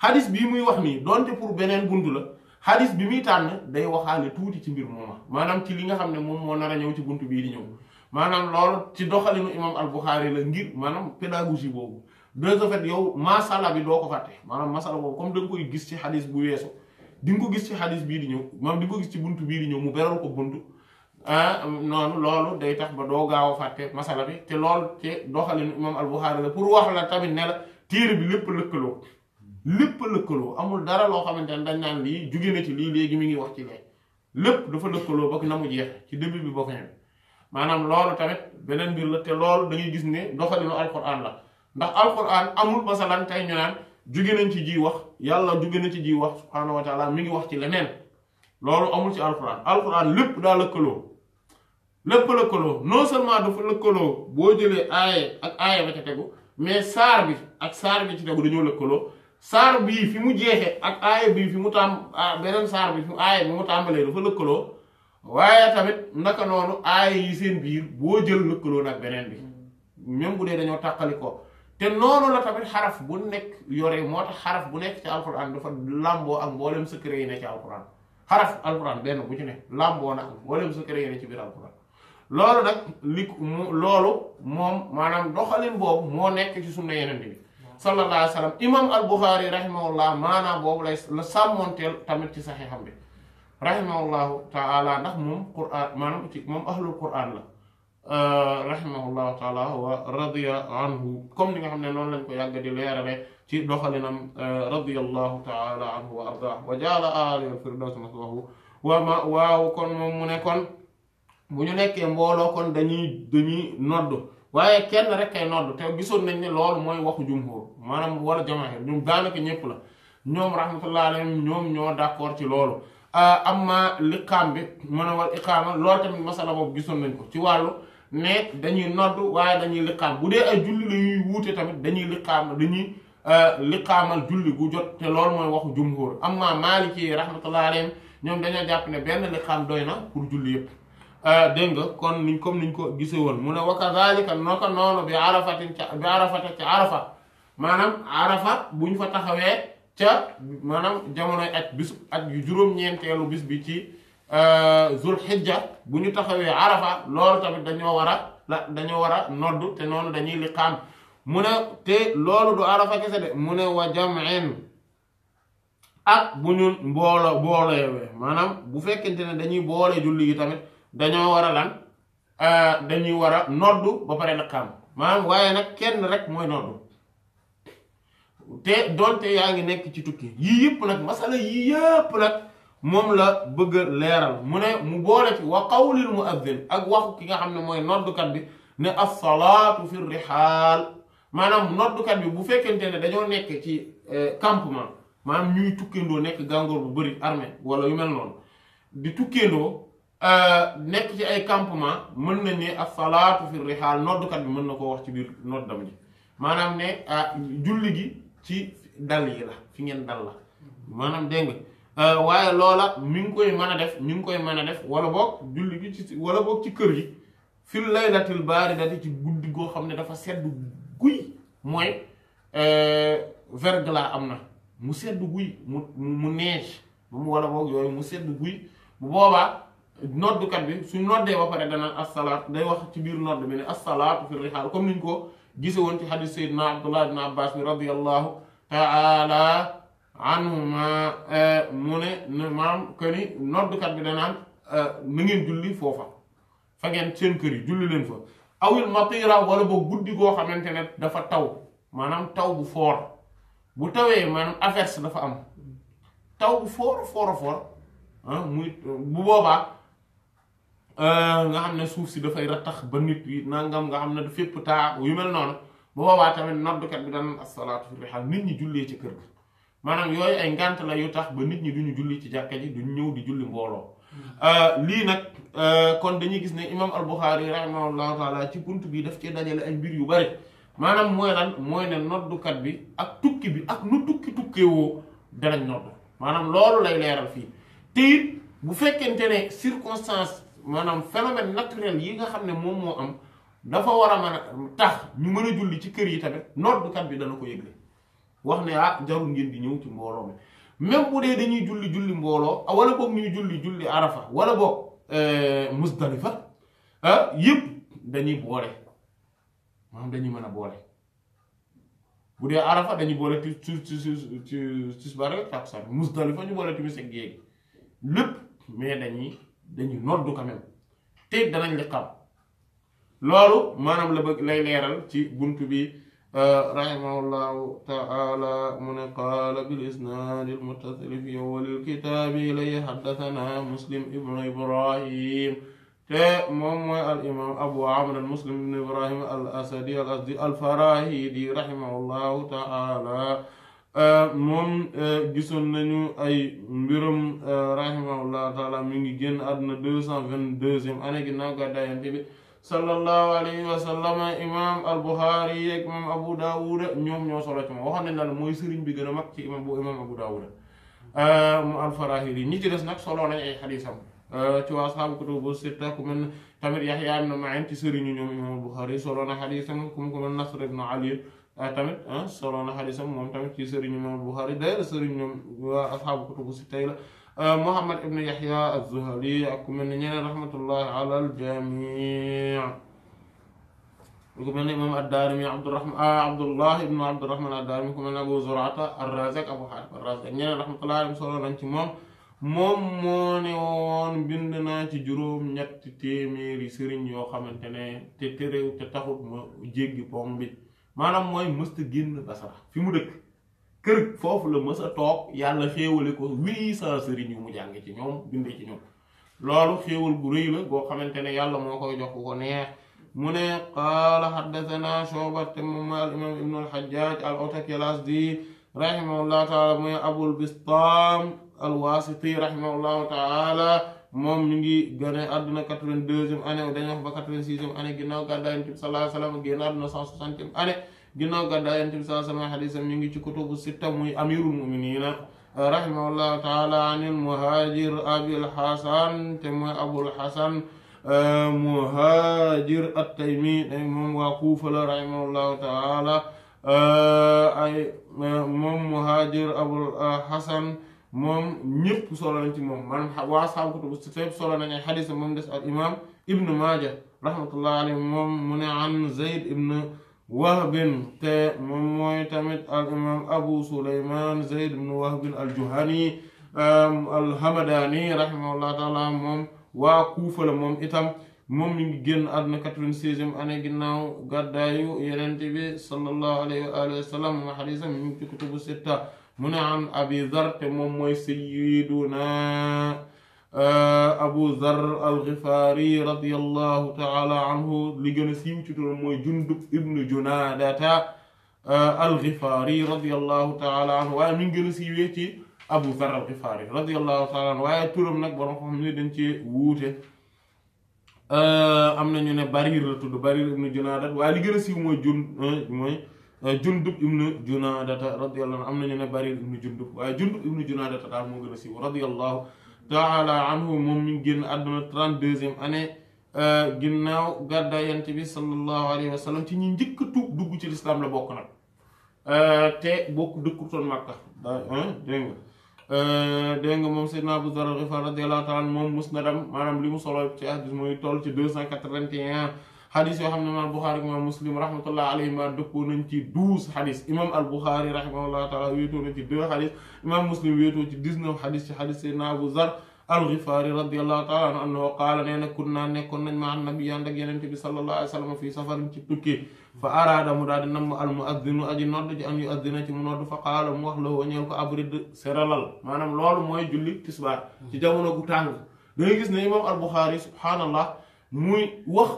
xadiis bi muy wax nii donte pour beneen bunt la xadiis bi muy tànn day waxaale tuuti ci mbir mooma maanaam ci li nga xam ne moom moo nar a ñëw ci bunt bii di ñëw maanaam loolu ci doxalinu imaam al Buxaari la ngir maanaam pédagogie boobu de yow masala bi doo ko fàtte maanaam masala boobu comme da nga koy bu weesu di nga ko gis ci xadis bii di ñëw moom di ko gis ci buntu bii di ñëw mu beral ko buntu ah noonu loolu day tax ba doo gaaw a fàtte masala bi te loolu te doxalin imam al-Bukhari la pour wax la tamit ne téere bi lépp lëkkaloo lépp lëkkaloo amul dara loo xamante ne dañ naan lii jóge na ci lii léegi mi ngi wax ci lee lépp dafa lëkkaloo ba na mu jeex ci début bi ba maanaam loolu tamit beneen mbir la te loolu da gis ne doxalinu alquran la ndax alquran amul masalan tey ñu naan jóge nañ ci ji wax yàlla jóge na ci ji wax subhaanahu wa mi ngi wax ci leneen loolu amul ci alquran alquran lépp daa lëkkaloo lépp lëkkaloo non seulement dafa lëkkaloo boo jëlee aaye ak aaye ba mais saar bi ak saar bi ci tegu dañoo lëkkaloo saar bii fi mu jeexee ak aaye bii fi mu tàmb beneen saar bi fi mu aaye bi mu tàmbalee dafa lëkkaloo waaye tamit naka noonu aaye yi seen biir boo jël lëkkaloo nag beneen bi même bu dee dañoo tàqali ko te noonu la tamit xaraf bu nekk yore moo tax xaraf bu nekk ci alquran dafa làmboo ak mboolem secret yi ne ci alquran xaraf alquran benn bu ci ne làmboo na ak mboolem secret yi ne ci biir alquran loolu nag li loolu moom maanaam doxalin boobu moo nekk ci sunna yeneen bi sallallahu alayhi wa sallam imam al buxaari rahimahullah maanaam boobu lay la sàmmoonteel tamit ci saxiixam bi rahimahullahu taala ndax moom quran maanaam ci moom ahlul quran la Euh, rahimahullahu taala wa radiya anhu comme ni nga xam ne noonu lañ ko yàgg di leerale ci doxalinam euh, radiallahu taala anhu wa ardah wa jaala aalial firdaws wa ma waaw kon mu ne kon bu ñu nekkee mbooloo kon dañuy dañuy nodd waaye kenn rek kay nodd te gisoon nañ ne loolu mooy waxu jumhur maanaam wala jamaahir ñoom daanaka ñépp la ñoom rahmatullahi alayhim ñoom ñoo d'accord ci loolu euh, amma liqaam bi mën a wal iqaama loolu tamit masala boobu gisoon nañ ko ci wàllu ne dañuy nodd waaye dañuy liqaam bu dee ay julli la ñuy wuute tamit dañuy liqaam dañuy euh, liqaamal julli bu jot te loolu mooy waxu jumhur am maaliki rahmatullahi alayhim ñoom dañoo jàpp ne benn liqaam doy na pour julli yépp euh, dégg nga kon niñ comme niñ ko gisee woon mu ne wa kazalika naka noonu bi arafatin ca bi arafata ci arafa maanaam arafa bu ñu fa taxawee ca maanaam jamonoy at bisu at juróom-ñeenteelu bis bi ci Euh, zulhijja bu ñu taxawee arafa loolu tamit dañoo war a la dañoo war a nodd te noonu dañuy liqaam mu ne te loolu du arafa kese de mu ne wa jam'in ak bu ñu mboolo booleewee maanaam bu fekkente ne dañuy boole julli yi tamit dañoo war a lan euh, dañuy war a nodd ba pare liqaam maanaam waaye nag kenn rek mooy nodd te donte yaa ngi nekk ci tukki yii yëpp nag masala yii yëpp nag moom la bëgg leeral mu ne mu boole ci wa qawlil muazzin ak waxu ki nga xam ne mooy noddukat bi ne as-salaatu fi rihaal maanaam noddukat bi bu fekkente ne dañoo nekk ci euh, campement maanaam ñuy tukkeendoo nekk gàngoor bu bëri armée wala yu mel noonu di tukkeendoo euh, nekk ci ay campement mën nañ ne as-salaatu fi rihaal noddukat bi mën na koo wax ci biir noddam ji maanaam ne ah, julli gi ci dal yi la fi ngeen dal la maanaam dégg Euh, waaye loola mi ngi koy mën a def mi ngi koy mën a def wala boog julli gi ci wala boog ci kër gi fil laylatil baaridati ci guddi goo xam ne dafa sedd guy mooy euh, verglas am na mu sedd guy mu mu neige ba mu wala boog yooyu mu sedd guy bu boobaa noddukat bi su noddee ba pare danaan assalaat day wax ci biir nodd bi ne assalaatu fi rihaal comme niñ ko gise woon ci na sayyidina abdullah ibn abbas bi radiallahu taala anhuma mu e, ne maam que ni noddukat bi danaan e, na julli foofa fa ngeen seen kër yi julli leen fa awil matira wala ba guddi goo xamante ne dafa taw maanaam taw bu foor bu tawee maanaam averse dafa am taw bu foor foor foor ah, muy bu boobaa e, nga xam ne suuf si dafay rattax ba nit yi nangam nga xam ne du fépp taa yu mel noonu bu boobaa tamit noddukat bi danaan asalaatu fi rihal nit ñi jullee ci kër ga maanaam yooyu ay ngànt la yu tax ba nit ñi duñu julli ci jàkka ji duñu ñëw di julli mbooloo hmm. euh, lii nag euh, kon dañuy gis ne imam al-Bukhari rahimahullahu taala ci bunt bi daf cee dajale ay mbir yu bari maanaam mooy lan mooy ne noddukat bi ak tukki bi ak nu tukki tukkeewoo danañ nodd maanaam loolu lay leeral fii te it bu fekkente ne circonstance maanaam phénomène naturel yi nga xam ne moom moo am dafa war a mën a tax ñu mën a julli ci kër yi tamit bi dana ko yëgle wax ne ah jarul ngeen di ñëw ci mbooloo mi même bu dee dañuy julli julli mbooloo ah, wala boog ñuy julli julli arafa wala boog euh, musdalifa ah, yëpp dañuy boole moom dañuy mën a boole bu dee arafa dañuy boole ci ci ci ci ci tisbaar takkusaan musdalifa ñu boole timis ak géej lépp mais dañuy dañuy noddu quand te danañ li xam loolu maanaam la bëgg lay leeral ci bunt bi. رحمه الله تعالى من قال بالإسناد المتصل في أول الكتاب إليه حدثنا مسلم ابن إبراهيم تأمم الإمام أبو عمرو المسلم بن إبراهيم الأسدي الأسدي الفراهيدي رحمه الله تعالى من جسن أي مبرم رحمه الله تعالى من جن أدنى 222 أنا جنا قد أنتبه sallallahu alayhi wa sallam imam al Bukhari ak imam Abu Dawud ñoom ñoo solo ci moom waxoon nañ la mooy sëriñ bi gën a mag ci imam bu imam Abu Dawud mu al Farahili ñi ci des nag solo nañ ay xadiisam ci waa ashaabu kutubu sitta ku mel tamit Yahya ibn Ma'in ci sëriñu ñoom imam Bukhari solo na xadiisam ku mu ko mel Nasr ibn Ali tamit solo na xadiisam moom tamit ci sëriñu imam Bukhari d'ailleurs sëriñ ñoom waa ashaabu kutubu sitta la آه، محمد ابن يحيى الزهري أكمل رحمة الله على الجميع أكمل إمام الدارمي عبد الرحمن آه، عبد الله ابن عبد الرحمن الدارمي أكمل أبو زرعة الرازق أبو حارب الرازق نجنا يعني رحمة الله عليهم صلوا نجتمع mom moone won bindna ci juroom ñett téméri sëriñ yo xamantene té téréw té taxut ma jéggi bomb bi manam moy mëst kër foofu la mës a toog yàlla xéewale ko huit cent sëriñ mu jàng ci ñoom bind ci ñoom loolu xéewal bu rëy la boo xamante ne yàlla moo koy jox ku ko neex mu ne qaala xaddathana Shu'ba te moom al imaam ibnu al-Hajjaj al-Ataki al-Azdi rahimahullahu taala mooy Abul Bistaam al-Wasiti rahimahullahu taala moom ñu ngi gane àdduna quatre-vingt-deuxième année dañuy wax ba quatre-vingt-sixième année ginnaaw gàddaay Yonent bi sallallahu ginnaaw gàddaa yonent bi saa sama xadisam ñu ngi ci kutubu sitta muy amirul muminina rahimahullahu taala an il muhajir abil hasan te mooy abul hasan euh, muhajir at-taymi moom waa kuufa la rahimahullahu taala euh, ay euh, moom muhajir abul hasan moom ñëpp solo nañ ci moom maanaam waa asxaabu kutubu sitta solo nañ ay xadisam moom des al imam ibnu maaja rahmatullahi alayhi moom mu ne an zayd ibn wahb te moom tamit al imaam abu suleyman zayd ibn wahb al-juhani al-hamadani rahimahullah taala moom waa kuufa la moom itam moom mi ngi génn àdduna 96e année ginnaaw gàddaayu yonent bi sallallahu alayhi wa mu wa sallam ma xadiisam mi ngi sitta mu ne abi dhar te moom mooy sayyiduna abu dhar alxifaari radiallahu taala anhu li gën a siiw ci turam mooy jundub ibnu junaadata alxifaari radiallahu taala anhu waaye mi ngi gën a siiwee ci abu dhar alxifaari radiallahu taala anhu waaye turam nag borom xam ne dañ ci wuute am nañu ne barir la tudd barir ibnu junaadat waaye li gën a siiw mooy jun mooy jundub ibnu junaadata radiallahu am nañu ne barir ibnu jundub waaye jundub ibnu junaadata daal moo gën a siiw radiallahu taala am moom mi génn àdduna trente-deuxième année euh, ginnaaw gàddaay yonent bi sallallahu alayhi wa sallam ci ñi njëkk tuub dugg ci lislaam la bokk nag euh, te bokk dëkkutoon Makka dégg nga euh, dégg nga moom Seydina Abu Zarr Ghifar radiyallahu taala moom musnadam maanaam li mu solo ci hadiis mooy toll ci deux cent quatre vingt hadith yo xamna al bukhari Buxaari Muslim rahmatullah alayhi ma doppo nañ ci 12 hadith imam al bukhari rahimahullah taala weto nañ ci 2 hadith imam Muslim weto ci 19 hadith ci hadith sayna Abu Zar al-Ghifari radiyallahu taala anhu annahu qaala nee na kunnaa nañ ma an nabi ànd ak yenen tibi sallallahu alayhi wasallam fi safar ci tukki fa arada mu daal di al muadhdhin aji nodd ji am yu ci mu nodd fa qala mu wax lo woo ko abrid seralal manam lolu moy julli tisbar ci jamono gu tàng da ngay gis ne imam al bukhari subhanallah muy wax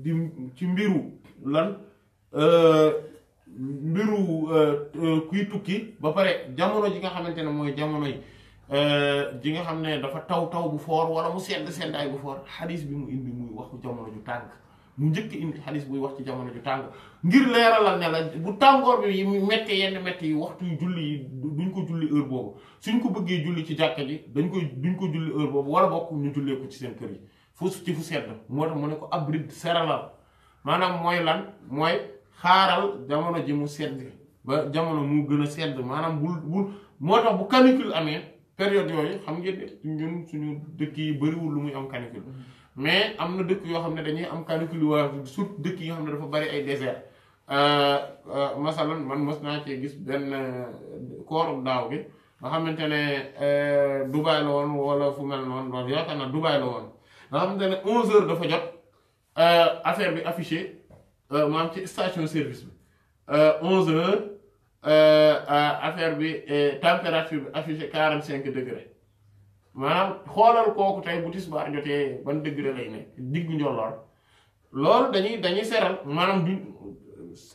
di ci mbiru lan euh, mbiru euh, euh, kuy tukki ba pare jamono ji nga xamante ne mooy jamono yi ji nga xam ne dafa taw taw bu foor wala mu sedd seddaay bu foor xadis bi mu indi muy waxu jamono ju tànk mu njëkk indi xadis buy wax ci jamono ju tàng ngir leeralal ne la bu tàngoor bi yi méttee yenn métti yi waxtu julli yi duñ ko julli heure boobu suñ ko bëggee julli ci jàkka ji dañ koy duñ ko julli heure boobu wala bokk ñu jullee ko ci seen kër yi fu ci fu sedd moo tax mu ne ko abrid seralal maanaam mooy lan mooy xaaral jamono ji mu sedd ba jamono mu gën a sedd maanaam bul bul moo tax bu canicule amee période yooyu xam ngeen ñun suñu dëkk yi bariwul lu muy am canicule mais am na dëkk yoo xam ne dañuy am canicule waa su dëkk yi xam ne dafa bari ay désert euh, euh, masalan man mos naa cee gis benn euh, kooru daaw bi nga xamante ne Dubaay la woon wala fu mel noonu loolu yaakaar naa Dubaay la woon nga xamante ne 11h dafa jot euh, affaire bi affiché euh, maanaam ci station service bi 11h euh, affaire bi température bi affiché 45 degré maanaam xoolal kooku tey bu tisbaar jotee ban degré lay nekk diggu njolloor loolu dañuy dañuy seral maanaam du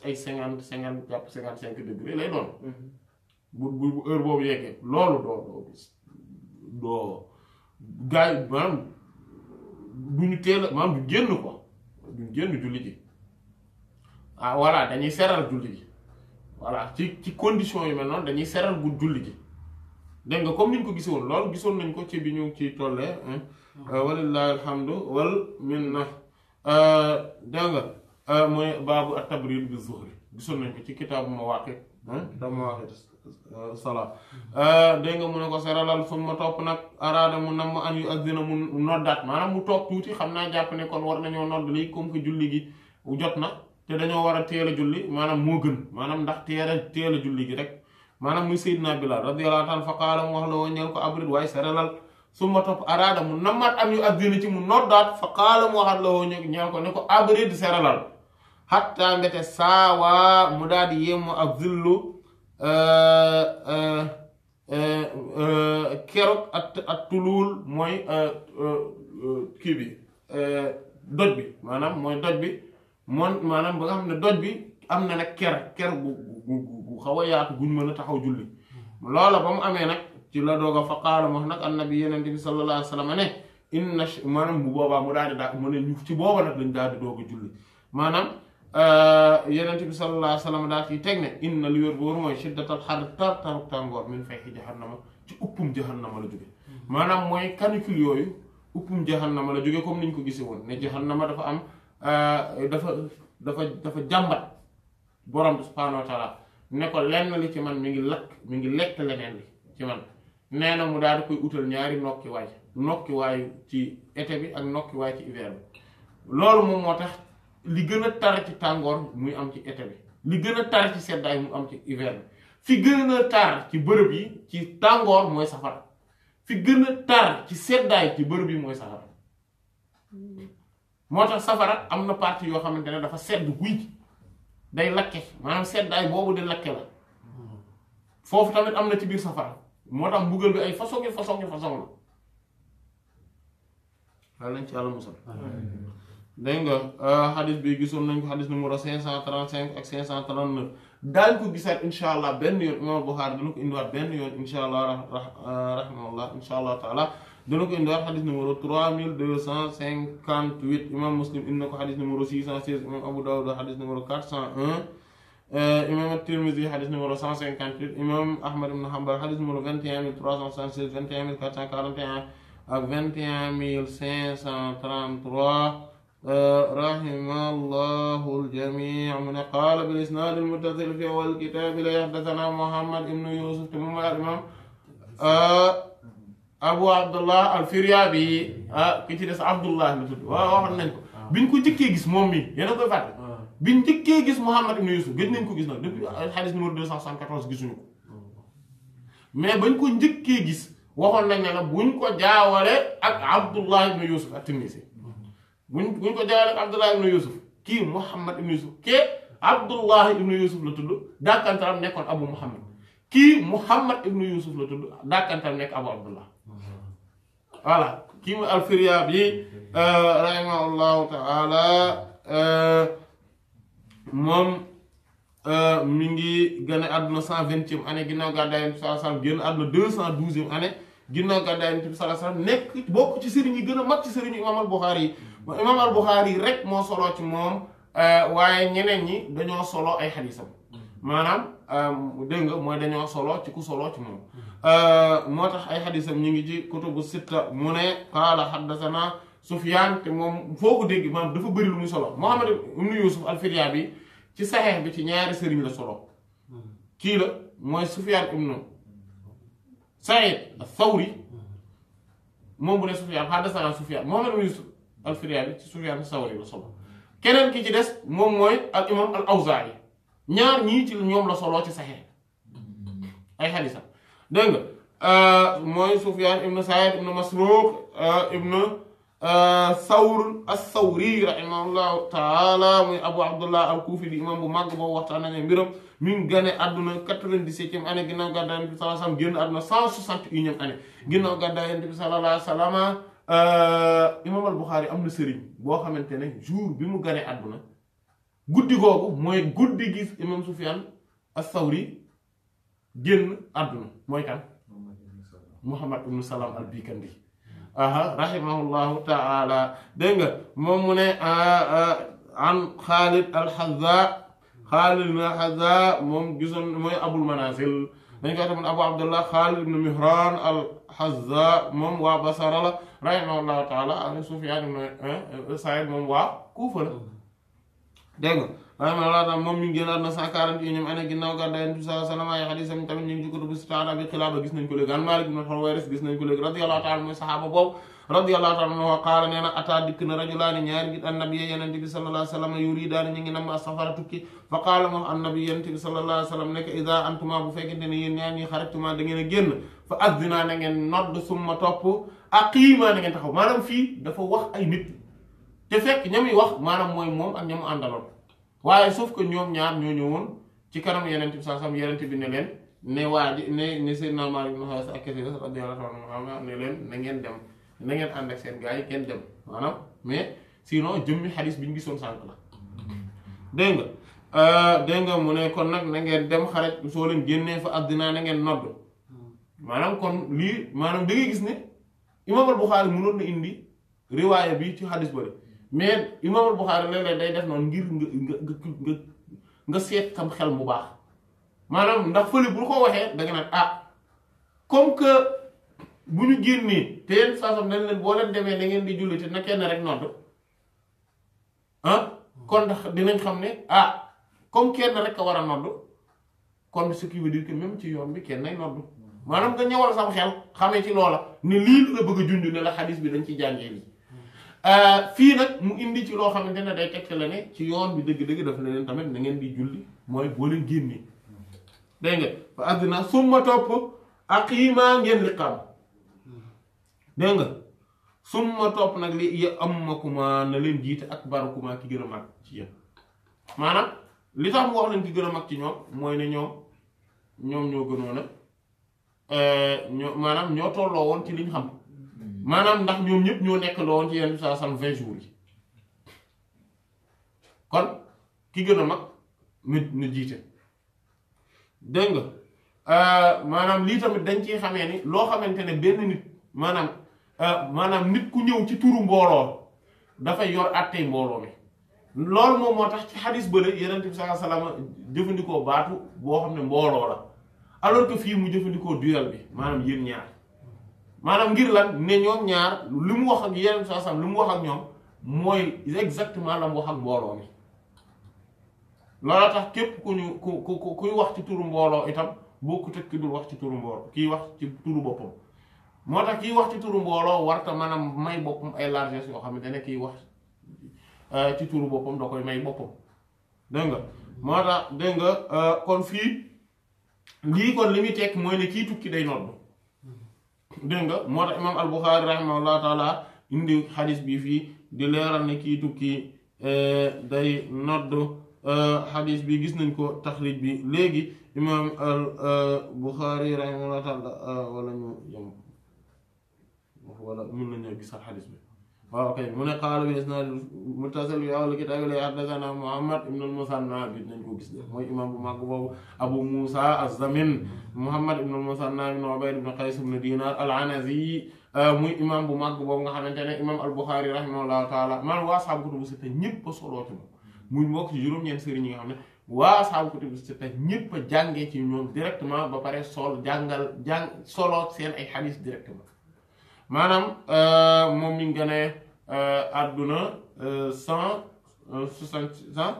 ay 50 50 jàpp 55 degré lay doon. Mm-hmm. bu bu heure boobu yeggee loolu doo doo gis doo gars yi du ñu teel a maanaam du génn ko duñ génn julli ji ah voilà dañuy seral julli ji voilà ci ci condition yu mel noonu dañuy seral bu julli ji dégg nga comme niñ ko gisoon lool gisoon nañ ko ci bi ñu ci tollee euh, walillahi alhamdu wal minna euh, dégg nga euh, mooy baabu at-tabrid bi zuhri gisoon nañ ko ci kitaabu Mawâqît kitaabu Mawâqît sala euh, dégg nga mu ne ko seralal fu ma topp nag araada mu nam an yu addina mu noddaat maanaam mu toog tuuti xam naa jàpp ne kon war nañoo nodd lii comme que julli gi na a a julli maanaam moo gën maanaam a teel a julli gi rek maanaam muy mu wax la woon ñeel ko abrid waaye seralal su ma topp araada mu nammaat an yu addina ci mu noddaat fa qaala mu waxat la woon ñeel ko ne ko abrid seralal xattaa mbete saawaa mu daal di yem ak zillu keroog at at tuluul mooy euh, euh, euh, kii bi doj bi maanaam mooy doj bi moom maanaam ba nga xam ne doj bi am na nag ker ker gu gu xaw a yaatu gu ñu mën a taxaw julli loola ba mu amee nag ci la doog a fa qaala wax nag annabi yeneen bi sallallahu alayhi wa sallam ne inna maanaam bu boobaa mu daal di daa mu ne ñu ci booba nag lañ daal di doog a julli maanaam Euh, yeneen bi sallallahu alayhi wa sallam daal teg ne indi na wér boobu mooy shiddatal xar tar taruk tàngoor min fayhi jahannama ci uppum jahannama la jóge hmm. maanaam mooy canicule yooyu uppum jahannama la jóge comme niñ ko gisee woon ne jahannama dafa am euh, dafa dafa dafa jàmbat borom bi subhaanahu wa taala ne ko lenn li ci man mi ngi lakk mi ngi lekk leneen li ci man nee na mu daal di koy utal ñaari nokki waay nokki waayu ci été bi ak nokki waay ci hiver bi loolu li gën a tar ci tàngoor muy am ci été bi li gën a tar ci seddaay mu am ci hiver bi fi gën a tar ci bërëb yi ci tàngoor mooy safara fi gën a tar ci seddaay ci bërëb yi mooy safara hmm. moo tax safara am na partie yoo xamante ne dafa sedd guy day lakke maanaam seddaay boobu di lakke la foofu tamit am na ci biir safara moo tax mbugal bi ay façon façon façon la. wala lañ ci yàlla musal dégg nga xadis euh, bi gisoon nañ ko xadis numéro 535 ak 539 daañ ko gisaat incha allah benn yoon imam Buxaari dana ko indiwaat benn yoon incha allah euh, rahimahullah incha allah taala dana ko indiwaat xadis numéro 3258 imam Muslim indi na ko xadis numéro 616 imam Abu Dawud xadis numéro 401 euh, imam Tirmidhi xadis numéro 158 imam Ahmad ibn Hanbal xadis numéro 21376 21441 ak رحم الله الجميع من bi بالإسناد المتصل في أول الكتاب لا يحدثنا محمد بن يوسف تمام الإمام أبو عبد الله الفريابي ki ci des Abdullah la tudd waaw nañ ko ah. biñ ko njëkkee gis moom mi yéen a koy fàtte ah. biñ njëkkee gis Muhammad Yusuf gëj nañ ko gis nag depuis xadis numéro 274 gisuñu ko mais bañ ko njëkkee gis waxoon nañ ne la ko jaawale ak Abdullah ibn Yusuf at mu buñ ko jaay ak Abdullah ibnu Yusuf kii Muhammad ibnu Yusuf kee Abdullah ibnu Yusuf la tudd dàkkantaram nekkoon Abu Muhammad kii Muhammad ibnu Yusuf la tudd dàkkantaram nekk Abu Abdullah voilà kii mu al-Firyaabi euh, rahimahullahu taala euh, moom euh, mi ngi gën a àdduna cent vingtième année ginnaaw gàddaay Yonent bi sallallahu alayhi wasallam génn àdduna deux cent douzième année ginnaaw gàddaay Yonent bi sallallahu nekk bokk ci sëriñ yi gën a mag ci sëriñu imaam al yi imam al Buxaari yi rek moo solo ci moom euh, waaye ñeneen ñi dañoo solo ay xadiisam maanaam euh, dégg nga mooy dañoo solo ci ku solo ci moom euh, moo tax ay xadiisam ñu ngi ci bu sitta mu ne qaala xaddasana Sufyaan te moom foo ko dégg maanaam dafa bëri lu muy solo Muhammad ibnu Yuusuf al-Firyaabi ci saxeex bi ci ñaari sëriñ la solo kii la mooy Sufyaan ibnu Saïd al-Thawri moom bu ne Sufyaan xaddasana Sufyaan Muhammad ibnu Yuusuf alfiriyaani ci sufyaan sawri la solo keneen ki ci des moom mooy al imam al awzaa'i ñaar ñii ñoom la soloo ci saxee ay xadisam dégg nga euh, mooy sufyaan ibnu said ibnu masruuq euh, ibnu euh, sawr as-sawri rahimahullahu taala muy abu abdullah al kuufi di imam bu màgg boobu waxtaan nañu mbiram mi gane àdduna 97e année ginnaaw gàddaay yonent bi sallallahu alayhi wa sallam génn àdduna 161e année ginnaaw Euh, imam al Buxaari am na boo xamante ne jour bi mu ganee àdduna guddi googu mooy guddi gis imam Sufyaan as-Sawri génn àdduna mooy kan Muhammad ibnu Salaam al Bikandi aha rahimahullahu taala dégg moom mu ne abu abdullah ah, Xaalid ibn Mihran al Xaza moom waa Basara rahimahullahu taala an Sufyaan ibn euh, Sa'iid moom waa Kuufa la dégg nga rahimahullahu taala moom mi ngi génn àdduna cent quarante et unième ñu ngi ci gis nañ ko léegi an Maalik ibn Huwayris gis nañ ko léegi radiyallahu taala mooy saxaaba boobu radiyallahu taala anhu qaala nee na ataa dikk na rajulaani ñaari nit annabi yonent bi sallallahu alayhi wa sallam yuriidaani ñu ngi nam bu safara tukki fa qaala moom annabi yonent bi sallallahu alayhi wa sallam nekk ne yéen ñaar ñi xaratuma a génn fa addinaa na ngeen nodd summa topp aqima na ngeen taxaw manam fi dafa wax ay nit te fekk ñamuy wax manam moy mom ak ñamu andalon waye sauf que ñom ñaar ñoo ñëwoon ci kanam yenen sallam yenen ne len ne waa ne ne seen normal bi maas ak kese radiyallahu anhu ne len na ngeen dem na ngeen and ak seen gaay yi dem manam mais sino jëmmi hadith biñu gisoon sank la deeng nga euh, deeng nga mu ne kon nak na ngeen dem xarit so leen genné fa adina na ngeen noddu manam kon li manam da ngay gis ne imaam al-Buxaari mënoon na indi riwaaya bi ci xadis bëri mais imaam al-Buxaari léeg-léeg day def noonu ngir nga nga nga seet sam xel mu baax maanaam ndax fële bu ko waxee da nga nag ah comme que bu ñu génnee te yéen saa soxna leen boo leen demee da ngeen di julli te na kenn rek nodd ah kon ndax dinañ xam ne ah comme kenn rek a war a nodd kon ce qui veut dire que même ci yoon bi kenn nay nodd. manam nga ñëwal sam xel xamé ci loola ni li lu la bëgg a junj ne la hadith bi dañ ci jàngee euh fi nak mu indi ci lo xamantene day tek la né ci yoon bi dëgg-dëgg daf leen tamit na ngeen di julli moy bo leen génnee day nga fa addina summa top aqima ngeen liqaam day nga summa top nak li ya amakuma kuma na leen jiite ak barakuma ki gën mak ci yéen manam li tax mu wax leen ki mak ci ñoom moy né ñoom ñoom ñoo gënoon nak Euh, ñoo maanaam ñoo tolloo woon ci liñ xam maanaam ndax ñoom ñëpp ñoo nekk loo woon ci yenn saa sam vingt jours yi kon ki gën a mag na na jiite dégg nga euh, maanaam lii tamit dañ ci xame ni loo xamante ne benn nit maanaam euh, maanaam nit ku ñëw ci turu mbooloo dafay yor àttey mbooloo mi loolu moom moo tax ci xadis bële yeneen bi saa salaama jëfandikoo baatu boo xam ne mbooloo la alors que fii mu jëfandikoo duel bi maanaam yéen ñaar maanaam ngir lan ne ñoom ñaar li mu wax ak yeneen saa sam li mu wax ak ñoom mooy exactement la mu wax ak mbooloo mi loola tax képp ku ñu ku ku kuy wax ci turu mbooloo itam bokku teg ki dul wax ci turu mbooloo kiy wax ci turu boppam moo tax kii wax ci turu mbooloo warta maanaam may boppam ay largesse yoo xamante ne kii wax euh, ci turu boppam da koy may boppam dégg moo tax dégg euh, kon fii lii ko li muy tekk mooy ne kii tukki day nodd dégg nga moo tax imaam al-Bukhari rahimahullah indi xadis bi fii di leeral ne kii tukki euh, day nodd euh, xadis bi gis nañ ko taxrij bi léegi imaam al-Bukhari rahimahullah taala euh, wala ñu yem wala mën nañoo gisal xadis bi waaw kay mu ne qaala bi isnaad muttasil bi awal kitaab la Muhammad ibn al-Musanna bi nañ ko gis de mooy imam bu mag boobu Abu Musa az-Zamin Muhammad ibn al-Musanna ibn Ubayd ibn Qays ibn Dinar al-Anazi euh, muy imam bu mag boobu nga xamante ne imam al-Bukhari rahimahullahu taala man waa saabu kutubu sitta ñëpp a soloo ci moom muy mbokk ci juróom-ñeent sëriñ yi nga xam ne waa saabu kutubu sitta ñëpp a jàngee ci ñoom directement ba pare sol jàngal jàng soloo seen ay xadiis maanaam euh, moom mi ngi gane euh, àdduna euh, cent soixante cent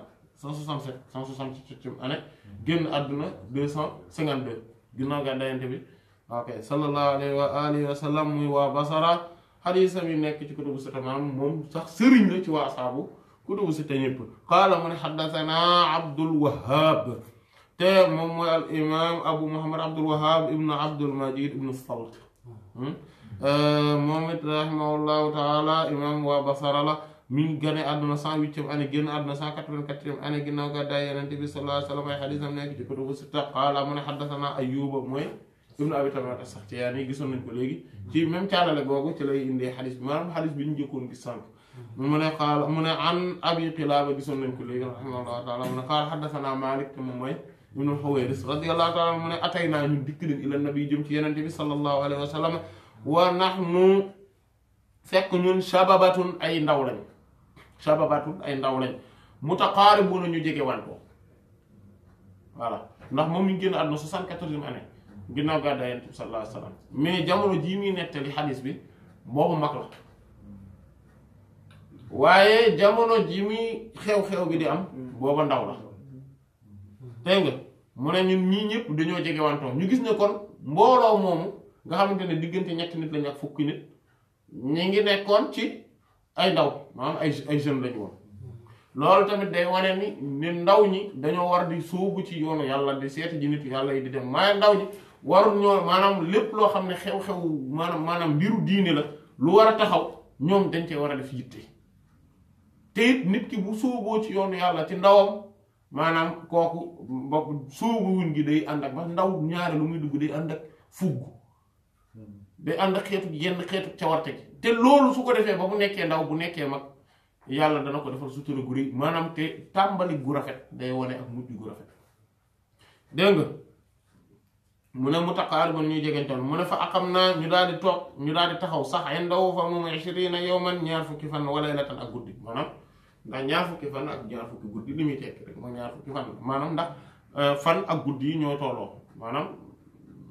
soixante sept cent soixante septième année génn àdduna deux cent cinquante deux ginnaaw ga dayante bi ok sallallahu alayhi wa alihi wa sallam muy waa basara xadiisam yi nekk ci kutubu sitta maanaam moom sax sëriñ la ci waa asaabu kutubu sitta ñëpp qaala mu ne xaddasanaa abdul wahab te moom mooy al imam abu muhammad abdul wahab ibnu abdul majid ibnu salt hmm? Euh, moom it rahimahullahu taala imam waa basara la mi ngi gane àdduna cent huitième année génn àdduna cent quatre-vingt-quatrième année ginnaaw gàddaay Yonent bi sallallahu alayhi wa sallam ay xadiisam nekk ci kutubu atay naa ñun dikk leen ila nabi jëm ci Yonent bi sallallahu alayhi wa wa nahnu fekk ñun shababatun ay ndaw lañ shababatun ay ndaw lañ mutaqaaribuna ñu jege wan ko ndax moom mi ngi génn àdduna soixante-quatorzième année ginnaaw gàddaay Yonent bi sallallahu mais jamono jii muy nettali xadiis bi boobu mag la waaye jamono ji muy xew-xew bi di am booba ndaw la dégg nga mu ne ñun ñii ñëpp dañoo jege wantoo ñu gis ne kon mbooloo moomu nga xamante ne diggante ñetti nit lañ ak fukki nit ñu ngi nekkoon ci ay ndaw maanaam ay ay jeunes woon loolu tamit day wane ni ni ndaw ñi dañoo war di sóobu ci yoonu yàlla di seeti ji nit yàlla yi ndaw ñi warul ñoo maanaam lépp loo xam ne xew-xew maanaam mbiru diine la lu war a taxaw ñoom dañ cee war a def te it bu sóoboo ci yoonu yàlla ci ndawam maanaam kooku mbokk sóobu wuñ gi day ànd ak ba ndaw ñaari lu muy dugg day ànd ak fugg day ànd xeetu yenn xeetu cawarte gi te loolu su ko defee ba mu nekkee ndaw bu nekkee mag yàlla dana ko defal sutura gu maanaam te tàmbali gu rafet day wane ak mujj gu rafet mu ne mu taqaar ba ñuy jegentoon mu ne fa aqam naa ñu daal di toog ñu daal di sax ay ndaw fa moom ishriina yawman ñaar fukki fan wala laylatan ak guddi maanaam ndax ñaar fukki fan ak guddi li muy maanaam ndax eh, fan ak guddi yi ñoo tolloo maanaam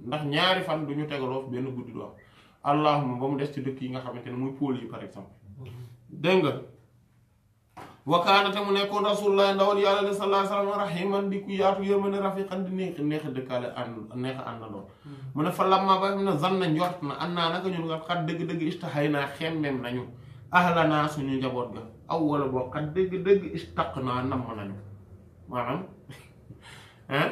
ndax ñaari fan du ñu tegaloo benn guddi du am allahuma ba mu des ci dëkk yi nga xamante ne muy pôle yi par exemple dégg nga wakaanate mu nekkoon rasulullah ndawal yàlla de sallallahu alayhi wasallam rahiman di ku yaatu yërmande rafiqan di neex neex dëkkaale ànd neex àndandoo mu ne fa lamma ba xam ne zan na njort na an naa naka ñun nga xat dëgg-dëgg istaxay naa xemmem nañu ahla naa suñu njaboot aw wala boo dëgg-dëgg istaq naa namm nañu maanaam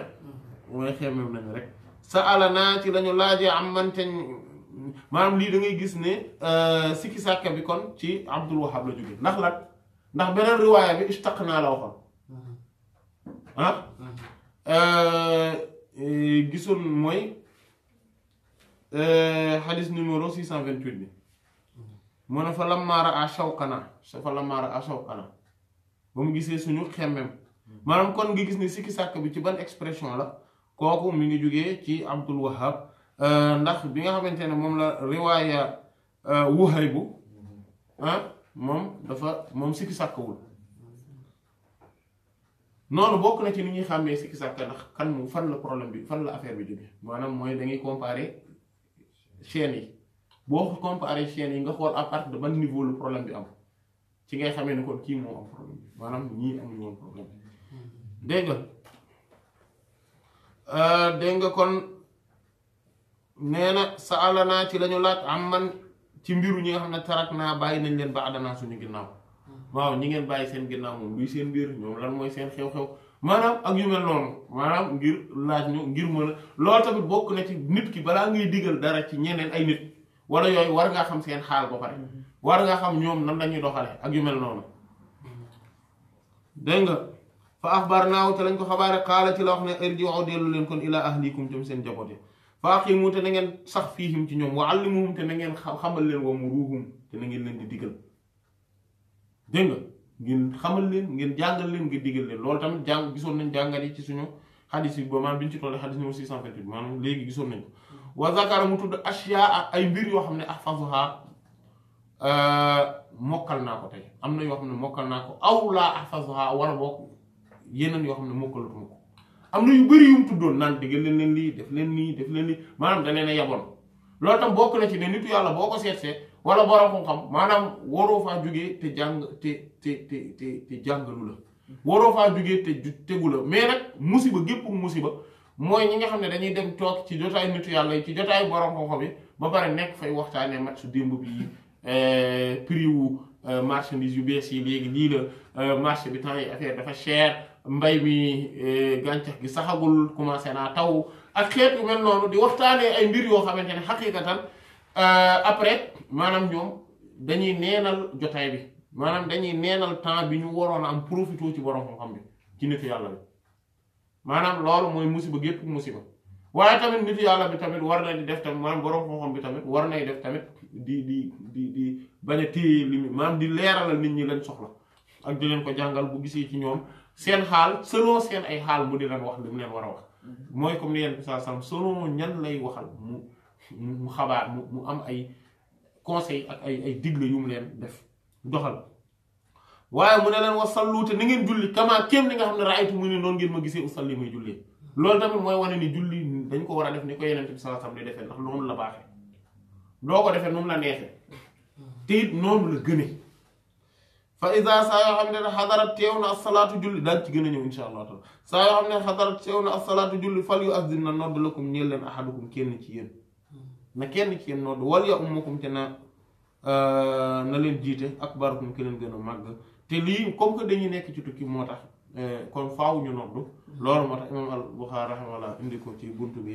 mooy xemmem nañu rek sa ala naa ci lañu am manteñ maanaam lii dangay gis ni euh, sikki sàkka bi kon ci Abdul Wahab la jóge ndax lan ndax beneen riwaaya bi istaq naa la waxoon mm-hmm. ah mm-hmm. Euh, euh, gisoon mooy xadis numéro 628 bi mm-hmm. mu ne fa lamaara a shawkana fa lamaara a shawkana ba mu gisee suñu xemmem maanaam kon nga gis ni sikki sàkk bi ci ban expression la kooku mi ngi jógee ci Abdul Wahab Euh, ndax bi nga xamante ne moom la riwaaya euh, bu mm-hmm. moom dafa moom sikki sàkkawul noonu bokk na ci ni ñuy xàmmee sikki sàkka ndax kan mu fan la problème bi fan la affaire bi jóge maanaam mooy da ngay comparer yi boo comparer chaînes yi nga xool à partir de ban niveau le problème bi am ci ngay xamee ne kon kii moo am problème bi maanaam ñii amuñu woon problème mm-hmm. euh, dégg nga kon nee na sa naa ci lañu laaj am man ci mbiru ñi nga xam ne tarak naa bàyyi nañ leen ba àddanaa suñu ginnaaw waaw ñi ngeen bàyyi seen ginnaaw moom luy seen mbir ñoom lan mooy seen xew-xew maanaam ak yu mel noonu maanaam ngir laaj ñu ngir mën loolu tamit bokk na ci nit ki balaa ngay digal dara ci ñeneen ay nit wala yooyu war ngaa xam seen xaal ba pare war ngaa xam ñoom nan lañuy doxale ak yu mel noonu dégg nga fa axbar naaw te lañ ko xabaare xaala ci la wax ne irji'u dellu leen kon ilaa ahlikum faqimu te na ngeen sax fihim ci ñoom wa'allimuhum te na ngeen xamal leen wa muruhum te na ngeen leen di digal dégg nga ngeen xamal leen ngeen jàngal leen ngeen digal leen lool tamit jàng gisoon nañ jàngal yi ci suñu hadith bi ba maanaam bi ci tole hadith numéro 628 man legi gisoon nañ wa zakara mu tudd ashyaa ak ay mbir yo xamne ahfazuha euh mokal nako tay amna yo xamne mokal nako mokkal aw laa ahfazuha wala bok yeneen yo xamne ne mokkalutuma ko am na yu bëri yu mu tuddoon naan dégg leen leen lii def leen nii def leen nii maanaam da leen a yaboon loolu tam bokk na ci ne nitu yàlla boo ko seetsee wala borom xam-xam maanaam waroo faa jugee te jàng te te te te te jàngalu la waroo faa jugee te tegu la mais nag musiba gépp musiba mooy ñi nga xam ne dañuy dem toog ci jotaayu nitu yàlla ci jotaayu borom xam-xam yi ba pare nekk fay waxtaanee mat su démb bi euh, prix wu euh, marchandise yu bees yi léegi lii la euh, marché bi temps yi affaire dafa cher mbay mi e, gàncax gi saxagul commencé naa taw ak xeet yu mel noonu di waxtaanee ay mbir yoo xamante ne xaqiqatan euh, après maanaam ñoom dañuy neenal jotaay bi maanaam dañuy neenal temps bi ñu waroon a am profité ci borom xam-xam bi ci nitu yàlla bi maanaam loolu mooy musiba gépp musiba waaye tamit nit yàlla bi tamit war na di def tamit maanaam borom xam bi tamit war nay def tamit di di di di bañ a téye li maanaam di leeral nit ñi leen soxla ak di leen ko jàngal bu gisee ci ñoom. seen xaal selon seen ay xaal mu di leen wax li mu leen war a wax mhm. mooy comme ni yéen bi sallam selon ñan lay waxal mu mu xabaar mu mu am ay conseil ak ay ay digle yu mu leen def doxal waaye mu ne leen wa sallu te ni ngeen julli kama kéem ni nga xam ne raaytu mu ne noonu ngeen ma gisee usalli may jullee loolu tamit mooy wane ni julli dañ ko war a def ni ko yeneen bi sallallahu alayhi wasallam di defee ndax noonu la baaxee doo ko defee noonu la neexee mhm. te noonu la gënee fa isa saa yoo xam ne xadarat teew na asalaatu julli daan ci gën a ñëw insha allah teew na asalaatu julli fal yu asdin na nodd lakum ñeel leen ahadukum kenn ci yéen na kenn ci yéen nodd wal ya ummakum te na euh, na leen jiite akbarukum ki leen gën a màgg te lii comme que dañuy nekk ci tukki moo tax euh, kon faaw ñu nodd mm-hmm. loolu moo tax imam al Buxaari rahimahullah indi ko ci bunt bi